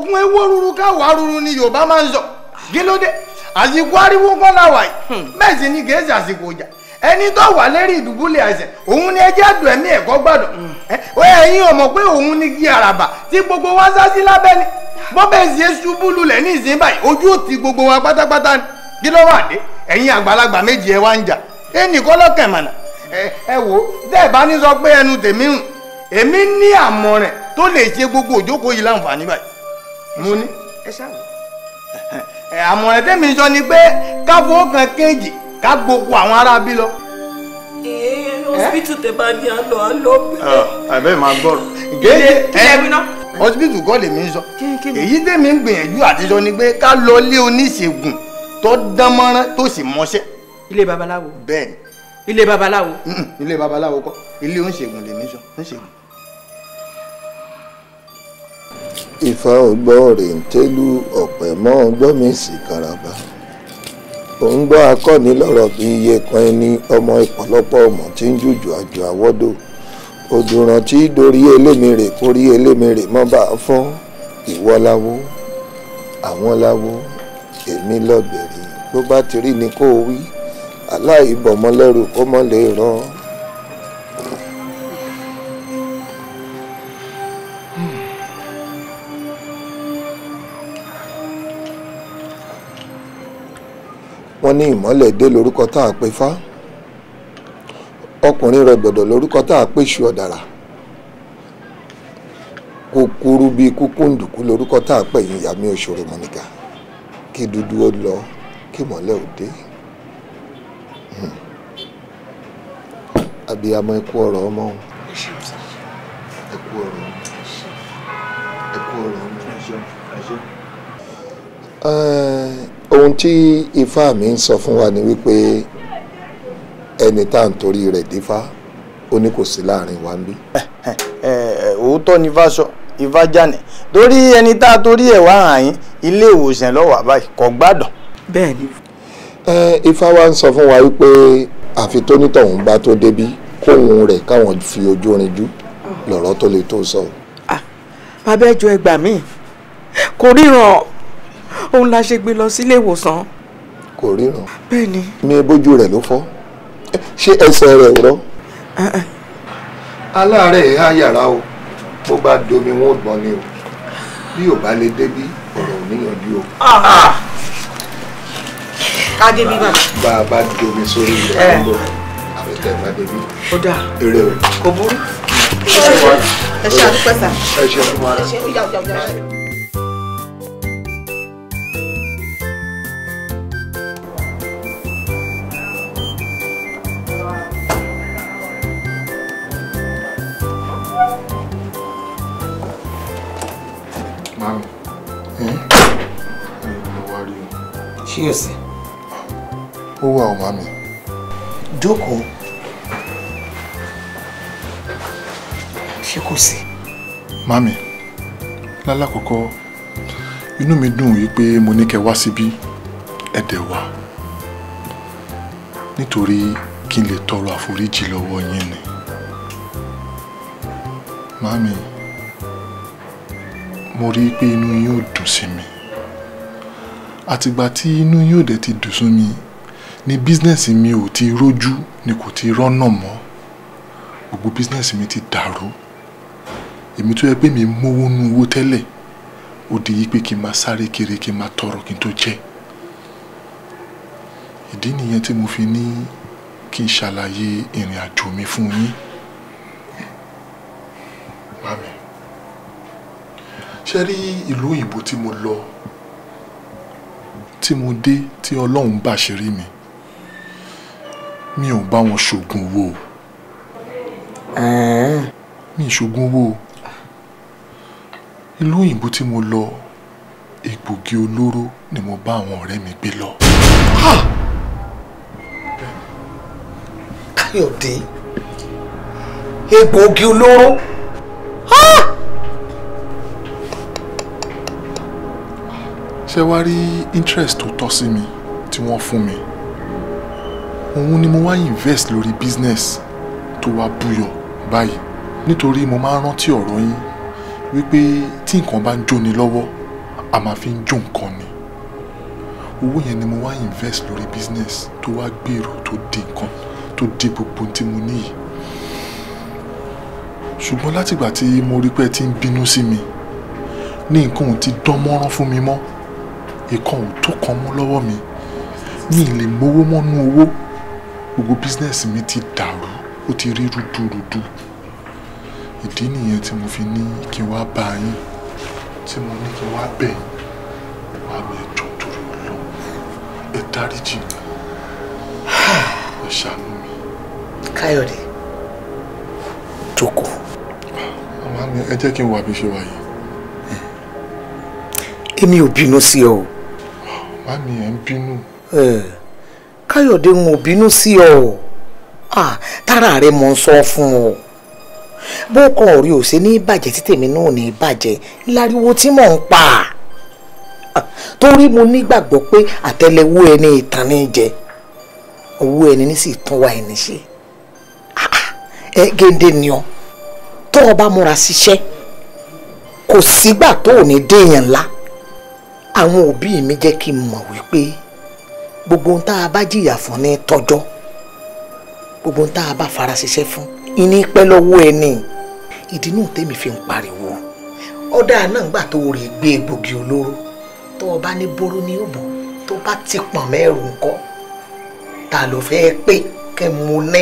ní ogun ká ruru ni Yorùbá máa ń àsìkò ariwo kọ́ yìí hmm. ni àsìkò ẹni tó wà lérí ìdùbúlẹ̀ àìsàn òun ni ẹjẹ́ àdùn ẹ̀mí ẹ̀kọ́ gbàdùn hmm. ẹ̀yin ò ọmọ pé òun ni gí àràbà tí gbogbo wa sá sí ni ní báyìí ojú ò ti gbogbo wa pátápátá ni kí ló wà dé gbogbo òjókòó yìí láǹfààní báyìí mo ní. àmọ̀ràn ká gbogbo àwọn ará bí lọ. ee hospital tẹ bá ní àlọ àlọ bẹ́ẹ̀. Ah, àbẹ́ máa gbọ́rọ̀. gèdè ẹ hospital kọ́ lèmi ń sọ èyí tèmi ń gbìyànjú àtijọ́ ni pé ká lọ lé oníṣègùn tó dán mọ́rán tó sì mọ́ṣẹ́. ilé babaláwo. bẹ́ẹ̀ni. ilé babaláwo. ilé babaláwo kọ́ ilé oníṣègùn lèmi sọ oníṣègùn. ìfà ọgbọ́ rèé ń tẹ́lú ọ̀pẹ̀ mọ́ ọgbọ́n mi sì karaba ò ń gbọ́ akọ́ni lọ́rọ̀ bí iye kan ẹni ọmọ ìpọ̀lọ́pọ̀ ọmọ tí ń jùjù àjò àwọ́dò òdùràn tí dorí elémèrè kórí elémèrè mọ́ bá fún ìwọ láwo àwọn láwo èmi lọ́bẹ̀rẹ̀ ló bá ti rí ni kó o wí aláìbọ̀mọ́lẹ́rù kó mọ́ lè rán. wọ́n ní ìmọ́lẹ̀ dé lórúkọ tá a fá ọkùnrin rọ̀gbọ̀dọ̀ lorúkọ tá a pe ṣu ọ̀dàrà kúkúrú bíi kúkúndùkú lórúkọ tá a pe yín ìyá mi òṣòro kí dúdú ó lọ kí mọ́lẹ̀ ó dé hmm. abiyamọ ẹ ọmọ ọmọ ọmọ. ohun tí ifá mi ń sọ fún wa ni wípé ẹni tá à ń torí rẹ̀ dífá ó ní kò sí láàrin wa níbí. òótọ́ ni ifá sọ ifá jáni torí ẹni tá a torí ẹ̀ wá hàn yín ilé ìwòsàn lọ́wọ́ àbáyé kò gbádùn. bẹ́ẹ̀ni. ifá wa ń sọ fún wa wípé àfi tónítọ̀hún bá tó débí kóhun rẹ̀ káwọn fi ojú orin jú lọ̀rọ̀ tó le tó sọ. Ah, bàbá ẹjọ́ ẹgbàá mi kò ríran òun la ṣe gbé lọ sílé ìwòsàn. kò ríran. bẹ́ẹ̀ni. mi bójú rẹ̀ ló fọ́ ṣé ẹsẹ̀ rẹ̀ rọ. aláàárẹ̀ ìhá yàrá o bó bá domi wọn ò gbọ́n ni o bí ò bá lè débí ọ̀rọ̀ níyànjú o. Ah! ká débi bàbá. bá a bá domi sórí ilẹ̀ ń bọ̀ àbẹ̀tẹ̀ bá débi. ó dáa eré o. kò burú. ẹ ṣe àdúpẹ́ sà. ẹ ṣe fún wa. ẹ ṣe fún wa. Mami. Mo wá rí o. Ṣé o sí? Ó wà o, Mami. Jókòó. Ṣé kò sí? Mami, lálàkọ́kọ́, inú mi dùn wípé mo ní kẹ́ wá síbí ẹ̀dẹ̀ wa. Nítorí kí n lè tọrọ àforíjì lọ́wọ́ yín ni. Mami mo rí i pé inú yín ò dùn sí mi àtìgbà tí inú yín ò dẹ̀ ti dùn sí mi ni bísínẹ́sì mi ò ti rójú ni kò ti rọ́nà mọ́ gbogbo bísínẹ́sì mi ti dàrú èmi tó yẹ pé mi mówó nu owó tẹ́lẹ̀ ó di yí pé kí n máa sáré kiri kí n máa tọrọ kí n tó jẹ ìdí nìyẹn tí mo fi ní kí n ṣàlàyé ìrìn àjò mi fún yín. Mami ṣe rí ìlú òyìnbó tí mo lọ tí mo dé tí ọlọ́run bá ṣe rí mi mi ò bá wọn ṣògùn owó mi ìṣògùn owó ìlú òyìnbó tí mo lọ egbògi olóró ni mo bá àwọn ọ̀rẹ́ mi gbé lọ. káyọ̀dé egbògi olóró. ṣe wá rí interest tó tọ́ sí mi tí wọ́n fún mi òun ni mo wá invest lórí business tó wá búyọ báyìí nítorí mo máa rántí ọ̀rọ̀ yín wípé tí nǹkan bá ń jóni lọ́wọ́ a máa fi ń jó nǹkan ni owó yẹn ni mo wá invest lórí business tó wá gbèrò tó di nǹkan tó di gbogbo tí mo níyì ṣùgbọ́n látìgbà tí mo rí pé ẹ ti ń bínú sí mi ní nǹkan ti dán mọ́rán fún mi mọ́. Mo ìkan ò tó kan mú lọ́wọ́ mi mi ì lè mówó mọ́nú owó gbogbo bísínẹ́sì mi ti dàrú ó ti rí rúdurùdu ìdí nìyẹn tí mo fi ní kí n wá bá yín tí mo ní kí n wá bẹ̀ wá bẹ̀ jọ torí lọ ẹ dáríjì mi ẹ ṣàánú mi. káyọ̀dé jókòó. màmá mi ẹ jẹ́ kí n wà bí ṣe wà yìí. èmi ò bínú sí ọ o mami ẹ̀ ń bínú. káyọ̀dé ń ò bínú sí ọ tára rẹ mọ̀ ń sọ fún ọ bó kọ orí ò ṣe ní bàjẹ́ tí tèmi náà ní bàjẹ́ láriwo tí mò ń pa torí mo nígbàgbọ́ pé àtẹ́lẹwọ́ ẹni ìtàn ní jẹ owó ẹni ní sì tún wá ẹni ṣe ẹ géńdé ni ọ tó o bá múra ṣiṣẹ́ kò sígbà tó o ní déèyàn ńlá àwọn òbí mi jẹ́ kí n mọ̀ wípé gbogbo ohun tá a bá jìyà fún ní tọjọ́ gbogbo ohun tá a bá fara ṣiṣẹ́ fún ìní pẹ́ lọ́wọ́ ẹni ìdí náà tèmi fi ń pariwo ọ̀dà náà gbà tó rè gbé egbògi olóró tó o bá ní bóró ní òbò tó bá ti pọ̀n mẹ́rù ńkọ́ ta ló fẹ́ pé kẹ́ mo ní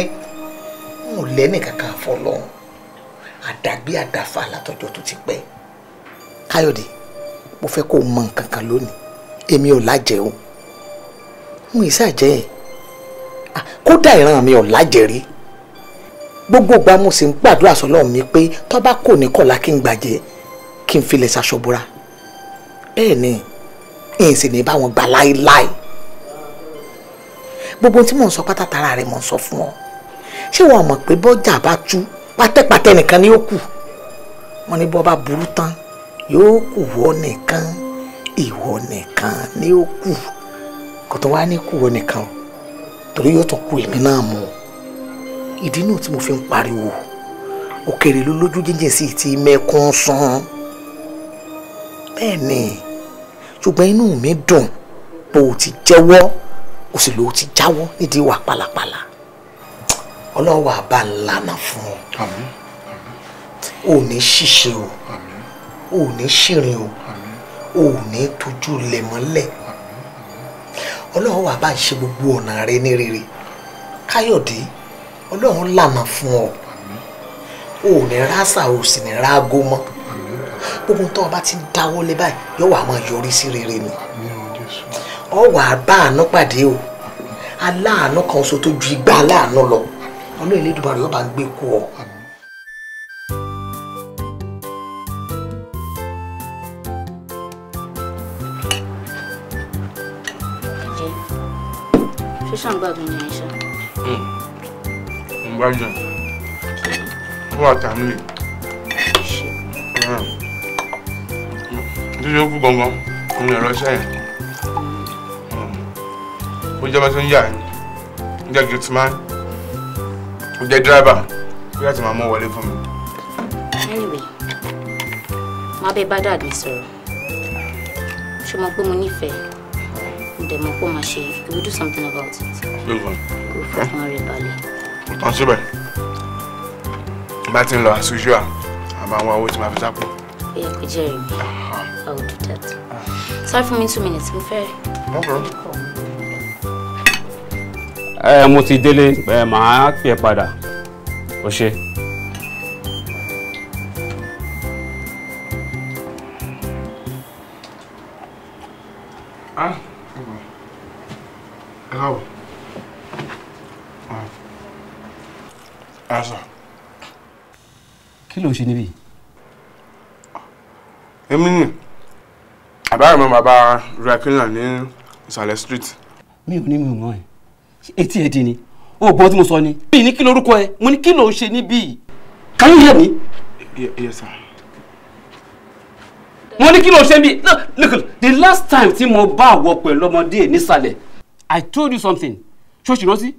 mo lẹ́nì kankan àfọlọ́hún àdàgbé àdàfà látọjọ́ tó ti pẹ́ káyọ̀dé mo fẹ́ kó mọ nǹkan kan lónìí èmi ò lájẹ o mo ì sàjẹ́ ẹ̀ kódà ìran mi ò lájẹ rí gbogbo ìgbà mo sì ń gbàdúrà sọlọ́run mi pé tọ́ba kò ní kọ̀lá kí n gbàjẹ́ kí n filẹ̀ ṣaṣọ́búra bẹ́ẹ̀ ni n sì ní bá wọn gbà láéláé gbogbo tí mò ń sọ pátákàrà rẹ mò ń sọ fún ọ ṣé wọn mọ̀ pé bọ́jà bá tú pátẹ́pátẹ́ nìkan ni ó kù wọn ní bọ́ bá burú tán yóò kù wọ́ nìkan ìwọ nìkan ni ó kù kò tó wá ní kù wọ́ nìkan o torí yóò tún kù èmi náà mú ìdí náà tí mo fi ń pariwo òkèrè ló lójú jíjìn sí ti mẹ́kún sán bẹ́ẹ̀ ni ṣùgbọ́n inú mi dùn bó o ti jẹ́wọ́ o sì lò ó ti jáwọ́ nídìí ìwà pálapàla ọlọ́wọ́ àbá ńlànà fún ọ ò ní ṣìṣe o. Amen ò ní ṣìrìn o ò ní tójú lẹ̀ mọ́lẹ̀ ọlọ́run wà bá ń ṣe gbogbo ọ̀nà rẹ ní rere káyọ̀dé ọlọ́run lànà fún ọ ò ní rásà ò sì ní rágó mọ́ gbogbo tó o bá ti dáwọ́ lé báyìí yóò wá máa yọrí sí rere ni ọ wà bá àánú pàdé o aláàánú kan so tó ju igba aláàánú lọ ọlọ́run ìlédùbà rẹ̀ yóò bá ń gbé kú ọ. ṣàǹgbàgùn ni àìṣà. ń gbádùn ó wà tàmílì títí ó kú gangan òun ẹ̀rọ sẹ́yìn ó jẹ́ bàtí ń yà ẹ́ ń anyway má bẹ bá dàdí sọ̀rọ̀ ṣé mo pé dẹ̀ mọ̀ pọ̀ you will do something about it. Go for it. rẹ̀ balẹ̀. ọ̀tàn síbẹ̀ bá ti ń lọ as usual àmọ́ àwọn owó tí máa fi sápò. ẹ could jẹ́rìí mi I will do that. sorry for me two minutes mo fẹ́. ẹ eh, mo ti délé ẹ eh, màá pè é padà ó ṣe. sí níbí. èmi ni àbáyọ̀ mọ́ bàbá rakina ní ìsàlẹ̀ street. mi ò ní mi ò mọ̀ ẹ́ etí ẹ̀ di ni o ò gbọ́ tí mo sọ ni. mi ní kí lorúkọ ẹ mo ní kí ló ń ṣe níbí. can you hear me? yes sir mo ní kí ló ṣe mí look the last time tí mo bá àwọ pẹ̀lú ọmọdé nísàlẹ̀ i told you something ṣó ṣì rántí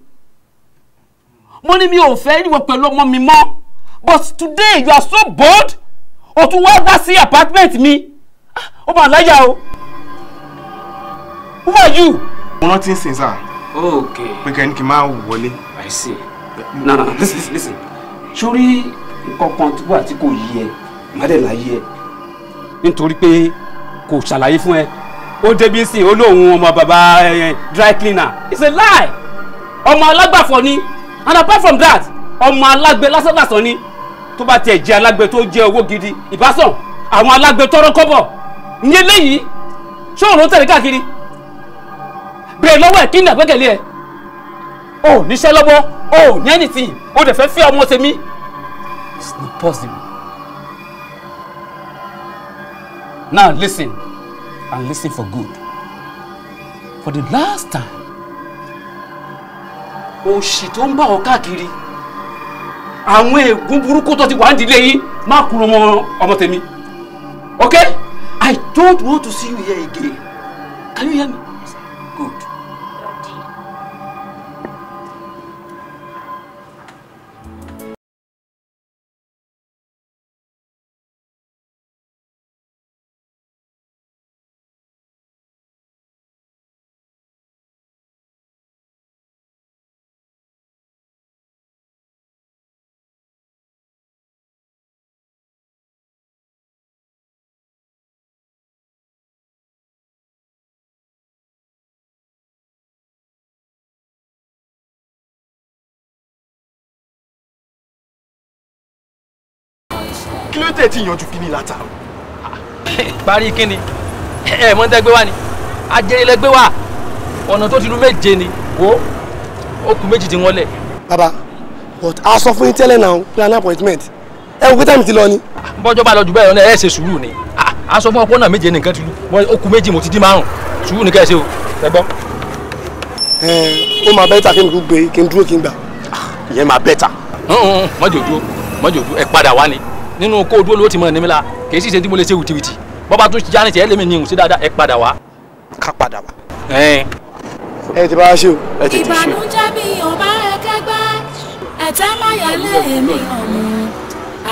mo ní mi ò fẹ́ ìwọ pẹ̀lú ọmọ mi mọ́ but today you are so bold o tún wá wá sí apartment mi ah, ó mà láyà o who are you. mo rántí ń sìn sáà. ok pé kẹ́ni kí n máa wọlé. i see no no listen listen sórí kankan tó wà tí kò yí ẹ ìmọ̀lẹ́ láyé ẹ nítorí pé kò ṣàlàyé fún ẹ ó débi sí olóhùn ọmọ bàbá dry cleaner it's a lie ọmọ alágbàfọ̀ ni and apart from that ọmọ alágbe lásán lásán ni tó bá tiẹ̀ jẹ́ alágbe tó jẹ́ owó gidi ìbásàn àwọn alágbe tọrọ kọ́bọ̀ ìyẹn léyìí ṣóòrùn ló tẹ̀lé káàkiri bèrè lọ́wọ́ ẹ̀ kí ni àgbẹ́kẹ̀lé ẹ̀ o níṣẹ́ lọ́wọ́ o ní anything o dẹ̀ fẹ́ fẹ́ ọmọ tèmi it's not possible now listen and listen for good for the last time òṣì tó ń bá ọ káàkiri àwọn ègún burúkú tó ti wà ń dilé yìí má kúrò mọ ọmọ tèmi okay I don't want to see you here again can you hear me. kí ló tẹ̀ tí ìyanjú kíní látàrọ. parí kíni ẹ mọ tẹgbẹ Wá. ni ajẹrẹ lẹgbẹ wa ọ̀nà tó ti lu méje ni wo okùn méjì ti wọ́n baba but a sọ fún yín tẹ́lẹ̀ náà plan appointment ẹ wò pé táìmù ti lọ ni. bọ́jọ́ bá lọ jù bẹ́ẹ̀ lọ ẹ ṣe sùúrù ni a sọ fún ọkọ náà méje nìkan ti lu okùn méjì mo ti dín márùn sùúrù ni kẹ́ o ẹ gbọ́. ẹ ó máa bẹ́ẹ̀ ta kí n gbé kí n dúró kí n gbà. Ah, ìyẹn máa bẹ́ẹ̀ ta. mọ́jọ́ dúró mọ́jọ́ dúró ẹ padà wá ni nínú kó dúró ló ti mọ ẹni kì í sì ṣe tí mo lè ṣe wìtìwìtì bọ́ba tún já ní tiẹ̀ lèmi ní ìhùn dáadáa ẹ padà wá. ká padà wá. ẹ ti bá a ṣe o ìbànújẹ́ bí ọba ẹkẹgbẹ́ ẹ̀tẹ́ máyà lẹ́ẹ̀mí ọ̀mù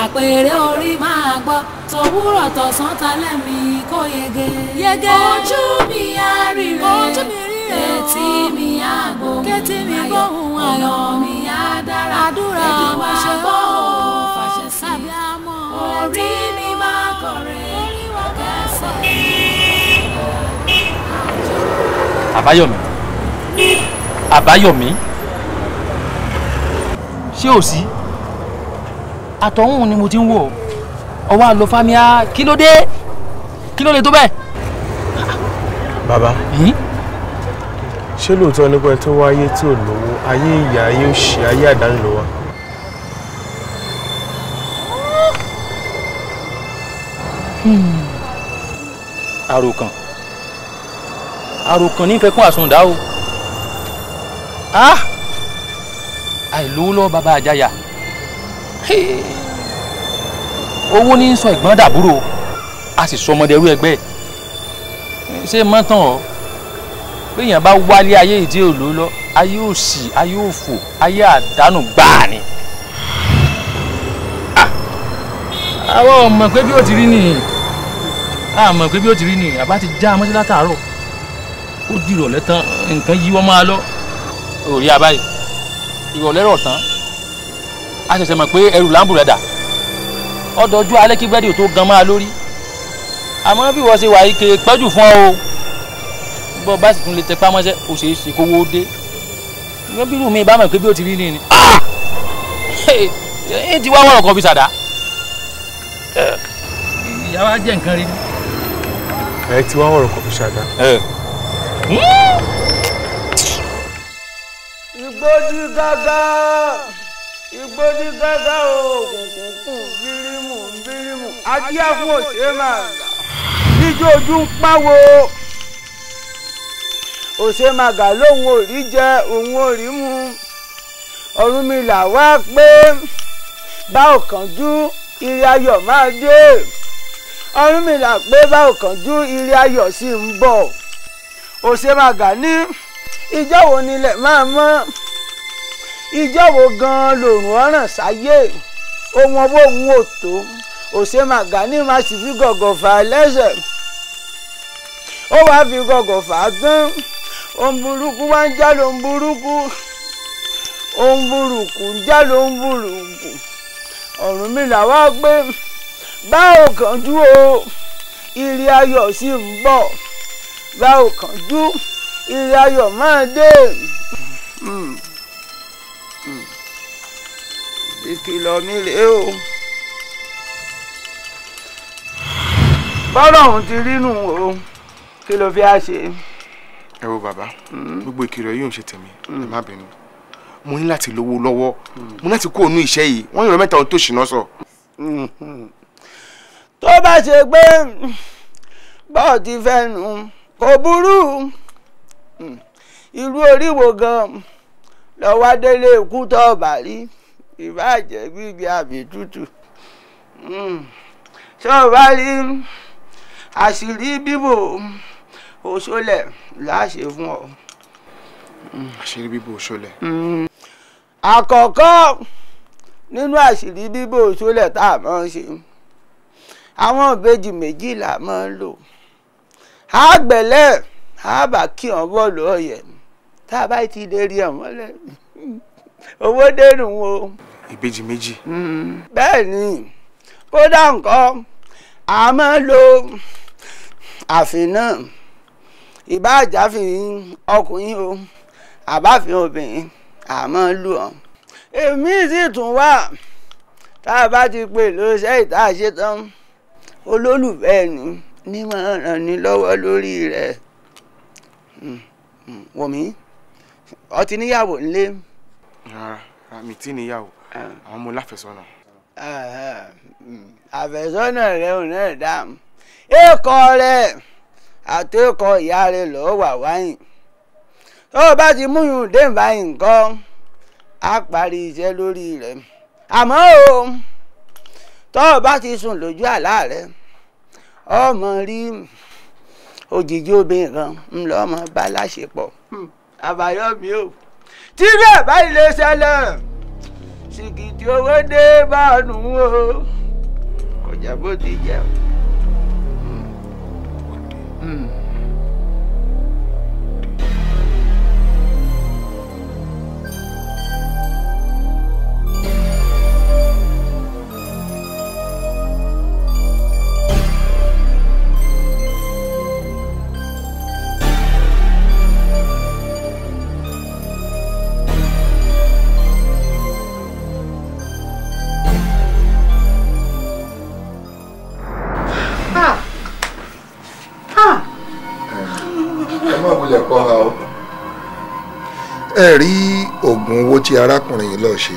àpèrè orí máa gbọ́ tòwúrọ̀ tọ̀sán talẹ́ mi kó yege. yege ojú mi á rí rẹ̀ ojú mi rí rẹ̀ o etí mi á gbóhùn ayọ̀ mi á dára àdúrà wa ṣe gbóhùn orí mi máa kọ̀rẹ́ lẹ́sẹ̀. àbáyọ̀mí àbáyọ̀mí ṣé ò sí àtọ̀hún ni mo ti ń wò ọwọ́ àlòfàmíà kí ló dé kí ló lè tó bẹ́ẹ̀. bàbá hm? ṣé lóòótọ́ nípa ẹni tó wáyé tí lówó ayé ìyá ayé òṣì ayé àdánù ló àròkàn àròkàn nífẹ̀ẹ́ kún àsundà o ah! àìlówó lọ́wọ́ bàbá àjàyà owó ní sọ ẹ̀gbọ́n dàbúrò a sì sọ ọmọdé ẹrú ẹgbẹ́ ṣé mọ́tàn ọ́ béèyàn bá wálé ayé ìdí òlò lọ ayé òṣì ayé òfò ayé àdánù gbáà ni. Ah! àwọn ọmọ pé bí ó ti rí nìyí a mọ̀ pé bí ó ti rí ni àbá ti já amọ́sí látàárọ̀ ó di ìrọ̀lẹ́ tán nǹkan yíwọ́ máa lọ òòrí abáyé ìrọ̀lẹ́ rọ̀ tán a ṣẹ̀ṣẹ̀ mọ̀ pé ẹrù láǹbù rẹ̀ dà ọdọọjú alẹ́ kí búrẹ́dì tó gan máa lórí àmọ́ bí wọ́n ṣe wà yìí kè é pẹ́jù fún ọ o bọ́ bá sì tún lè tẹpá mọ́ṣẹ́ o ṣe é ṣe kówó dé ìwé bírù mi bá mọ̀ pé bí ó ti rí ni ni ah! ẹ ti wá wọ́n ọkọ̀ fi ṣàdá. ìyá wa jẹ́ nǹkan rí ni ẹ ti wá ọ̀rọ̀ kan fi ṣàdá. ìgbódì gágá ìgbódì gágá o kùnkùnkùn bírímù bírímù adíyá fún òṣèré máa gà níjó ojú ń páwo òṣè màgà lòun ò rí jẹ òun ò rí mu Ọ̀rúnmìlà wá pé bá ò kánjú ire ayọ̀ máa dé. Ọ̀rúnmìlà pé bá òkànjú ire ayọ̀ sí ń bọ̀ òṣèmàgà ní ìjọ́ wo nílẹ̀ máa mọ́ ìjọ́ wo gan-an lòrùn ọ̀ràn sáyé ohun ọwọ́ òun ò tó òṣèmàgà ní máa sì fi gọ̀gọ̀ fà á lẹ́sẹ̀ ó wàá fi gọ̀gọ̀ fà á gán ohun burúkú wá ń já lóhun burúkú ohun burúkú ń já lóhun burúkú Ọ̀rúnmìlà wá gbé bá ò kánjú o ire ayọ̀ sì ń bọ̀ bá ò kánjú ire ayọ̀ máa dé. Hmm. Hmm. ìkìlọ̀ mi rèé o. bọ́rọ̀ ọ̀hún ti rí nù o kí ló fi á ṣe. ẹ wo bàbá hmm. gbogbo ìkìlọ̀ yóò ṣe tèmi ẹ má bínú mo ní láti lówó lọ́wọ́ mo ní láti kó ònú iṣẹ́ yìí wọ́n yàn mẹ́ta ohun tó ṣìnà sọ tó bá ṣe pé hmm, bọ́ọ̀ ti fẹ́ nu kò burú hmm, irú oríwo gan lọ́wọ́ délé ikú tó bá rí ìbàjẹ́ gbígbé àbí tútù tó hmm, bá rí àṣírí bíbò òṣòlẹ̀ láṣẹ fún ọ. àṣírí bíbò òṣòlẹ̀. àkọ́kọ́ nínú àṣírí bíbò òṣòlẹ̀ tá a máa ń ṣe àwọn ìbejì méjìlá máa ń lò àgbẹ̀lẹ̀ àbá kí wọn bọ́ọ̀lù ọ̀yẹ̀ tá a bá ti lè rí àwọn lẹ̀ owó dẹnu o. ìbejì méjì. Hmm. bẹ́ẹ̀ ni kódà nǹkan a máa ń lo àfin náà ìbáàjáfin ọkùnrin o àbáfin obìnrin a máa ń lò ọ́. èmi sì tún wà tá a bá ti pè lóṣẹ́ ìta ṣetán olólùfẹ́ ni ní máa ràn ní lọ́wọ́ lórí rẹ̀ hmm, hmm, wọ̀mí ọtí níyàwó ńlé. rárá mi tí níyàwó ah. àwọn ọmọ láfẹsọ́nà. Ah, ah, hmm, àfẹsọ́nà rẹ ò náà dáàmú èkó rẹ àti èkó ìyá rẹ lọ́ọ́ wà wáyìn tó o bá ti múyùn dé báyìí nǹkan á parí iṣẹ́ lórí rẹ̀ àmọ́ o tọ́ ọ bá ti sùn lójú àlá rẹ ọmọ rí òjijì obìnrin kan ń lọ ọmọ bá láṣepọ̀ hmm, àbáyọ mi ò tí bẹ́ẹ̀ báyìí lè ṣẹlẹ̀ sìkìtì owó dé bá ọ̀nù o kọjá bó ti jẹun. ẹ rí oògùn owó tí arákùnrin yìí lọ́ọ́ ṣe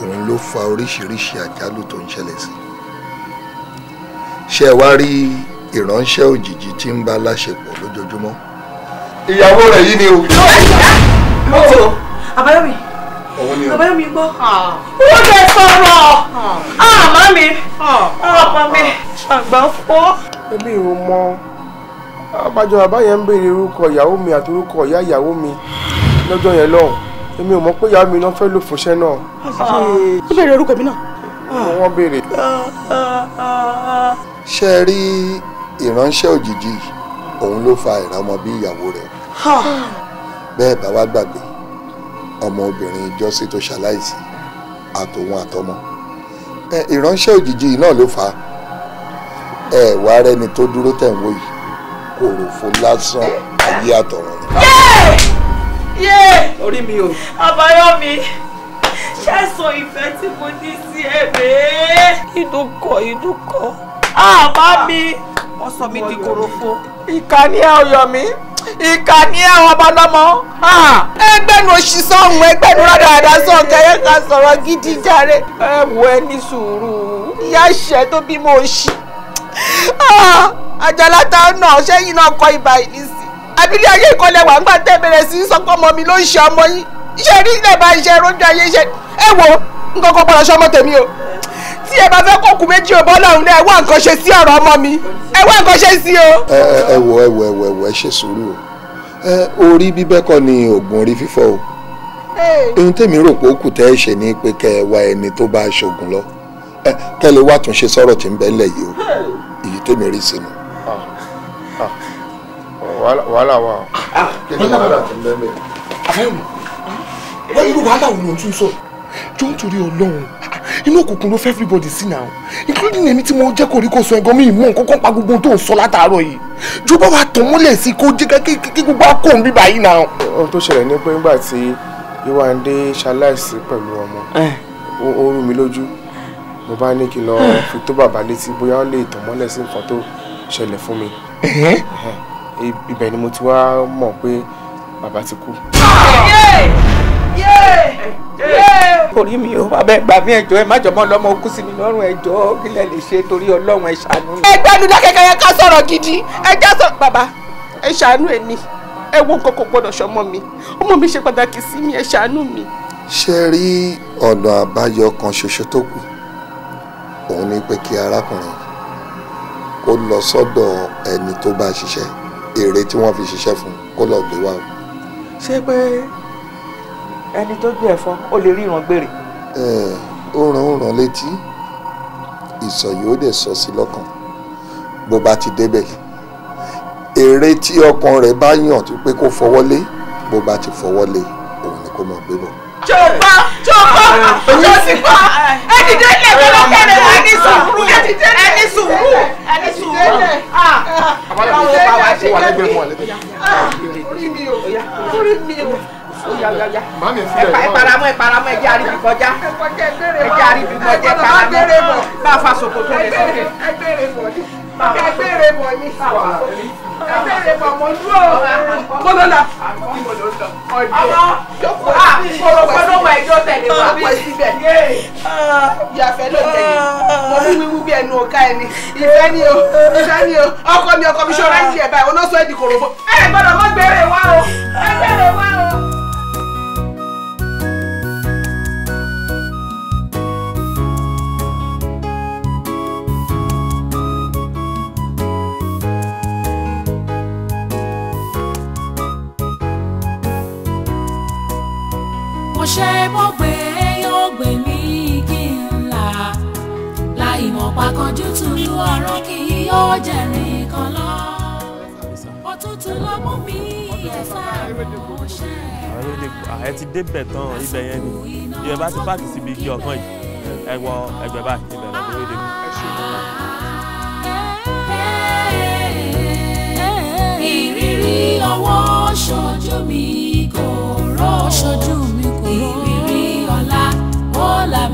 òun ló fa oríṣiríṣi àjálù tó ń ṣẹlẹ̀ sí ṣe wá rí ìránṣẹ́ òjijì tí ń bá láṣepọ̀ lójoojúmọ́ ìyàwó rẹ̀ yìí ni o. àbáyọ̀mí àbáyọ̀mí gbọ́ wọ́n ah. bẹ sọ̀rọ̀ àmọ́ mi ọmọ mi àgbà fọ́. ẹbí ò mọ abájọ àbáyẹ ń béèrè orúkọ ìyàwó mi àti orúkọ ìyá ìyàwó mi lọ́jọ́ yẹn lọ́hùn èmi ò mọ̀ pé ìyá mi náà fẹ́ lò fúnṣẹ́ náà. ó béèrè orúkọ mi náà. wọ́n béèrè. ṣé ẹ rí ìránṣẹ́ òjijì òun ló fa ìrànmọ́ bí ìyàwó rẹ̀ bẹ́ẹ̀ bá wá gbàgbé ọmọ obìnrin ìjọsí tó ṣaláìsí àtòun àtọmọ ìránṣẹ́ òjijì náà ló fa ẹ̀ wá rẹ́ni tó dúró tẹ̀ ń wò yìí kòròfo lásán ayé àtọ̀run yé orí mi o. àbáyọmí ṣẹ́sàn ìfẹ́ tí mo ní sí ẹ̀mí. ìdúkọ̀ ìdúkọ̀ àmá mi. wọ́n sọ mí di korofo. ìkà ni ẹ ọyọ mi ìkà ni ẹ ọmọ ọlọmọ ẹgbẹnu òṣì sọhùn ẹgbẹnu rádàrádà sọhùn kẹyẹ ká sọ̀rọ̀ gidi jàre. ẹ wo ẹ ní sùúrù ìyá ìṣẹ́ tó bímọ òṣì àjàlá táwọn náà ṣẹ́yìn náà kọ ibà ìnísí àbílẹ̀ ayé ìkọlẹ̀ wà ńgbà tẹ́ bẹ̀rẹ̀ sí sọ́kọ́ ọmọ mi ló ń ṣe ọmọ yín iṣẹ́ rí ilẹ̀ bá iṣẹ́ rojú ayé iṣẹ́ ẹ wo nǹkan kan gbọ́dọ̀ sọmọ tèmi o tí ẹ bá fẹ́ kó kù méjì ò bọ́lọ́run náà ẹ wá nǹkan ṣe sí ọ̀rọ̀ ọmọ mi ẹ wá nǹkan ṣe sí o. ẹ ẹ wò ẹ wò ẹ wò ẹ wò ẹ ṣe sùúrù o orí bíbẹ́ kọ́ ni oògùn orí fífọ́ o ohun tèmi rò pé ó kù tẹ́ ẹ ṣe ni pé kẹ́ ẹ wá ẹni tó bá ṣoògùn lọ kẹ́ lè wá túnṣe sọ̀rọ̀ tí ń bẹ́ẹ̀ lẹ̀ yìí o èyí tèmi rí sínú wàhálà wà. Ah, kí ni wàhálà ti ń bẹ́ẹ̀ bẹ́ẹ̀. àfẹ́rù wọ́n irú wàhálà wo ni o tún sọ jọ nítorí ọlọ́run inú òkùnkùn ló fẹ́ everybody sí náà including èmi tí mo jẹ́ kó rí kó sọ ẹ̀gọ́ mi ìmọ̀ nǹkan kan pa gbogbo tó ń sọ látàárọ̀ yìí jọ bá wa tàn mọ́lẹ̀ sí kó jẹ́ kí gbogbo akó ń bíbá yìí náà. ohun tó ṣẹlẹ̀ ni pé nígbà tí Yéwándé ṣaláìsí pẹ̀lú ọmọ ó rú mi lójú mo bá ní kí n lọ fi tó bàbá létí bóyá ó lè tàn mọ́lẹ̀ sí nǹkan tó ṣẹlẹ̀ fún mi ibẹ̀ ni mo ti wá mọ̀ pé bàbá ti kú. orí mi ò bàbá ẹ gbà mí ẹjọ ẹ má jọmọ lọmọ okú sí mi lọ́rùn ẹjọ kí lẹ lè ṣe torí Ọlọ́run ẹ ṣàánú mi. ẹgbẹ́ nu dákẹ́kẹ́ yẹn ká sọ̀rọ̀ gidi ẹ já sọ bàbá ẹ ṣàánú ẹ ní ẹ wo nǹkan kò gbọ́dọ̀ sọmọ mi ọmọ mi ṣe pàtàkì sí mi ẹ ṣàánú mi. ṣe rí ọ̀nà àbáyọ kan ṣoṣo tó kù òun ni pé kí arákùnrin kó lọ sọ́dọ̀ ẹni tó bá ṣiṣẹ́ èrè tí wọ́n fi ṣiṣẹ́ fún kó lọ gbé wá ṣé pé ẹni tó gbé ẹ̀fọn ó lè rí ìran gbèrè. ó ràn ó ràn létí ìsọ̀ yóò dẹ̀ sọ sí lọ́kàn bó bá ti débẹ̀ èrè tí ọkàn rẹ̀ bá yàn tó pé kó fọwọ́ lé bó bá ti fọwọ́ lé òun ni kó máa gbé bọ̀. jọba jọba jọba dìde lẹ̀ kó ló bẹ̀rẹ̀ wá ní sùúrù ẹni sùúrù ẹni sùúrù. àwọn ọmọ yẹn bá wa ṣe wà lẹ́gbẹ̀ẹ́ mọ́ lẹ́gbẹ̀ẹ́. Ah. orí mi o orí mi o. Mami fi ẹ̀ ẹ̀ paramọ́ ẹ̀ paramọ́ ẹ̀jẹ̀ àríbì kọjá ẹ̀jẹ̀ àríbì kọjá paramọ́ bá a fa ṣòkòtò rẹ̀ sókè. ẹgbẹ́rẹ̀ mọ̀ ni ẹgbẹ́rẹ̀ mọ̀ ni kó ló la. ọmọ jókòó a kọ̀rọ̀ gbọ́dọ̀ wà ẹjọ́ tẹ̀lé wa pẹ̀ síbẹ̀. ìyàfẹ́ ló tẹ̀lé mo ní wíwú bí ẹnu ọ̀ka ẹni ìfẹ́ ni o ìfẹ́ ni o ọkọ mi ọkọ mi ṣọ́ra ń tiẹ̀ báyìí olóṣèlú ìdìkòrò fún. ẹ gbọ́dọ̀ mọ́ gbèrè wa o ẹ gbèrè wa o. ṣe bọ́gbé yóò gbé mi kí n là láì mọ̀ pàkànjú tùlú ọ̀rọ̀ kì í yóò jẹ̀rìn kan lọ. òtútù ló mú mi ẹ̀fà ránṣẹ́. ààrẹ ti débẹ̀ tán ibẹ̀ yẹn ni ibẹ̀ bá ti pààkì síbi igi ọ̀kan yìí ẹ wọ ẹgbẹ́ báyìí ibẹ̀ lọ́dún lóde mi. ìrírí ọwọ́ ṣojú mi kò rọ́ ṣojú mi kò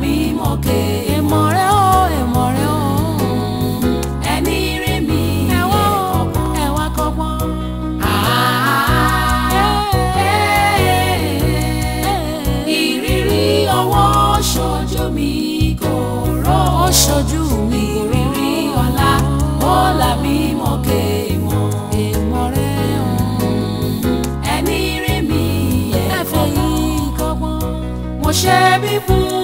mímọ́ ké èmọ̀ rẹ̀ ó èmọ̀ rẹ̀ ó ẹni rẹ̀ mi ẹ̀wọ́ ẹ̀wá kọ́gbọ́n. ìrírí ọwọ́ ṣojú mi kò rọ́ ó ṣojú mi ìrírí ọ̀la ó là mímọ́ ké èmọ̀ èmọ̀ rẹ̀ ó ẹni rẹ̀ mi ẹ̀fọ́ yìí kọ́gbọ́n mo ṣe bí fún.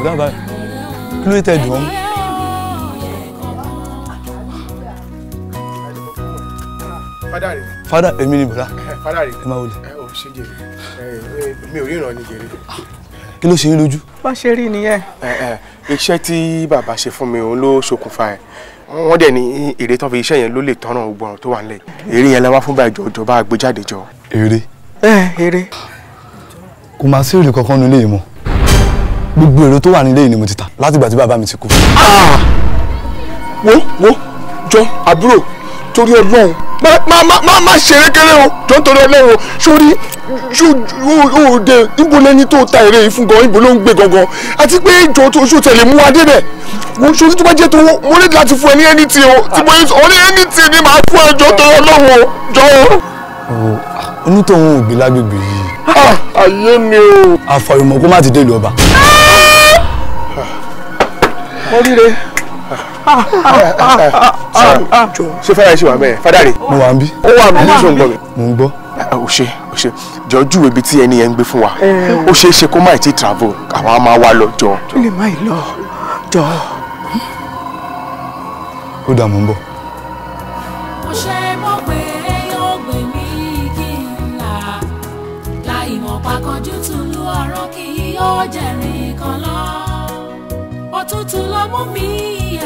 bùdá báyìí kí ló tẹ̀ dùn ọ́n. fada èmi ni bùdá ẹ máa wọlé. mi ò ríran ní gèrè. kí ló ṣe yín lójú. bá ṣe rí nìyẹn. Eh, eh, iṣẹ́ tí bàbá ṣe fún mi òun ló ṣokùnfà ẹ̀ wọ́n dẹ̀ ní èrè tó fi iṣẹ́ yẹn ló lè tọ́nà gbogbo ọ̀rọ̀ tó wà nílẹ̀ èrè yẹn lẹ́wọ́ fún báyìí jọjọ bá gbé jáde jọ. èrè. ẹ eh, èrè. kò gbogbo èrò tó wà nílé yìí ni mo ti tà látìgbà tí bàbá mi ti kú. Ah! wo wo jọ àbúrò torí ọlọ́run má má má má ṣeré kéré o jọ nítorí ọlọ́run sórí òde ibo lẹni tó ta èrè yìí fún gan ibo ló ń gbé gangan àti pé ìjọ tó oṣù tẹ̀lé mú wa débẹ̀ wọ́n sórí tó bá jẹ́ tó mo ní láti fún ẹ ní ẹni tí o tí mo ní ọ ní ẹni tí ni màá fún ẹ jọ nítorí ọlọ́run jọ o. onítọ̀hún ò gbé lágbègbè yìí. Ah! ayé mi o. àfọ̀rọ̀mọ̀ kó má ti dé ìlú ọba mo ríre ah, ah, ah. ṣé fara ṣe wà mẹ́ẹ̀ fada rè. mo wà ń bí. ó wà mí ní sọ̀ngbọ̀n mi. mo ń gbọ́. o ṣe o ṣe jọ júwe ibi tí ẹni yẹn gbé fún wa ó ṣeé ṣe kó má ti travel àwọn a máa wá lọ jọ. tó lè má lọ jọ. ó dà ń bọ̀. mo ṣe kan lọ́ọ́ òtútù ló mú mi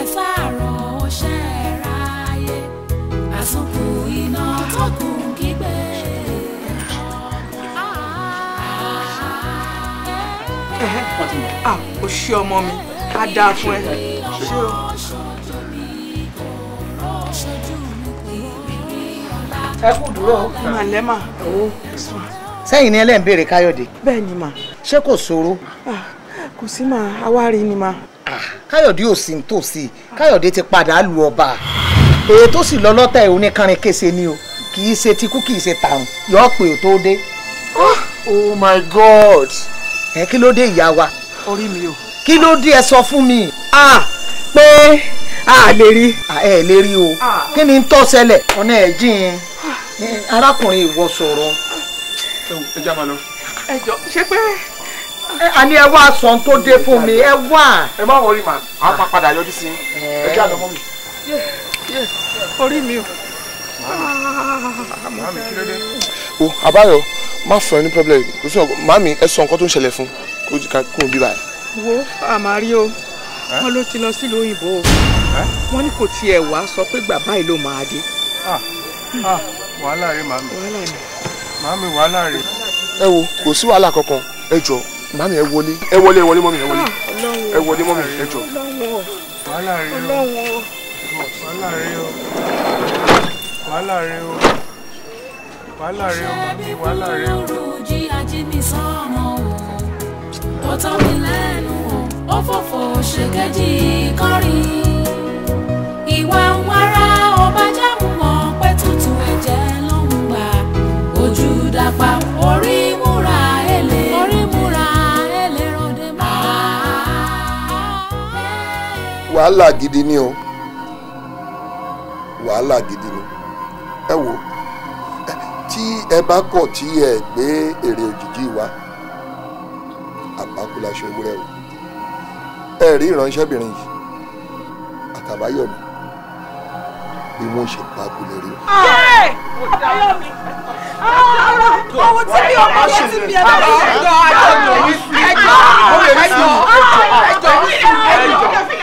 ẹ̀fàrọ̀ ọ̀ṣẹ́ ráyé àsopọ̀ iná tó kù kígbe. Ah, ó ṣe ọmọ mi á dáa fún ẹ ẹ kú dúró. màlẹ́ mà. sẹ́yìn ni ẹlẹ́ǹbẹ̀rẹ̀ káyọ̀dé. bẹ́ẹ̀ ni mà. ṣé kò ṣòro. Ah kò sí mà awárí ni mà. káyọ̀dé ò sí nítòsí káyọ̀dé ti padà lu ọba èyí tó sì lọ lọ́tẹ̀ oníkanrin kése ni o kì í ṣe tikú kì í ṣe tàrùn yọ̀ọ́ pé o tó dé. Ah! oh my god. ẹ kí ló dé ìyá wa. orí mi o. kí ló dé ẹ sọ fún mi. ah pé a lè rí. ẹ lè rí o kí ni tó ṣẹlẹ̀ ọ̀nà ẹ̀ jìn arákùnrin ìwọ sọ̀rọ̀. ẹ jẹ́ àmàlọ́. ẹ jọ ṣé pé a ní ẹ sàn tó dé fún mi ẹ ẹ má wọrí màá pa padà yọjú sí ẹ jẹ́ àlọ́ mọ́ mi. orí mi o. màámi kí ló dé. o àbáyọ má fún ẹ ní kò sí ọkọ màámi ẹ sọ nǹkan tó ń ṣẹlẹ̀ fún kó ká kó bí báyìí. wo àmàrí o wọn ló ti lọ sílùú òyìnbó o wọn ní kò tiẹ̀ wá sọ pé gbà báyìí ló máa dé. wàhálà rẹ màámi wàhálà rẹ ẹ wo kò sí wàhálà kankan ẹ jọ mami ẹ wọlé ẹ wọlé ẹ wọlé mọ́mí ẹ wọlé ah, ẹ wọlé mọ́mí ẹ jọ. wàhálà rẹ o wàhálà rẹ o wàhálà rẹ o wàhálà rẹ o mami wàhálà rẹ o. ojú ajé mi sọ́mọ o ó tọ́ mi lẹ́nu o ó fòfò ṣèkejì kọ́rin ìwà ń wára. wàhálà gidi ni o wàhálà gidi ni ẹ wo tí ẹ bá kọ̀ tí ẹ gbé èrè òjijì wa àbákú láṣọ o ẹ rí ìránṣẹ́bìnrin yìí àtàbáyọ̀mí bí wọ́n ṣe bákú lè rí. ayọ̀mí owó tí mi ò mọ̀ ṣe ti mi ẹ̀ lọ́wọ́ ẹ̀jọ̀ ẹ̀jọ̀ ẹ̀jọ̀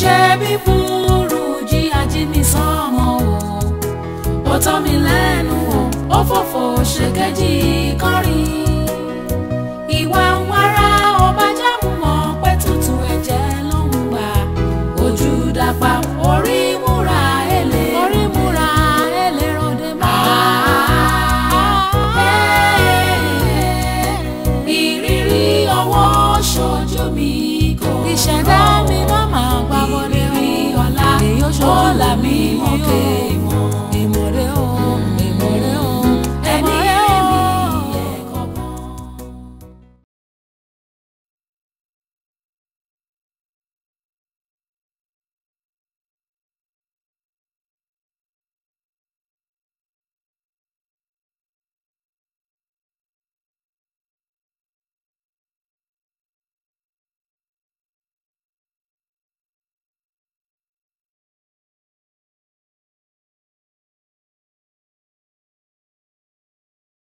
ṣe bí fúrú jí ajínigbọ́mọ o ó tọ́ mi lẹ́nu o ó fòfò ṣèkejì kọ́rin ìwà ń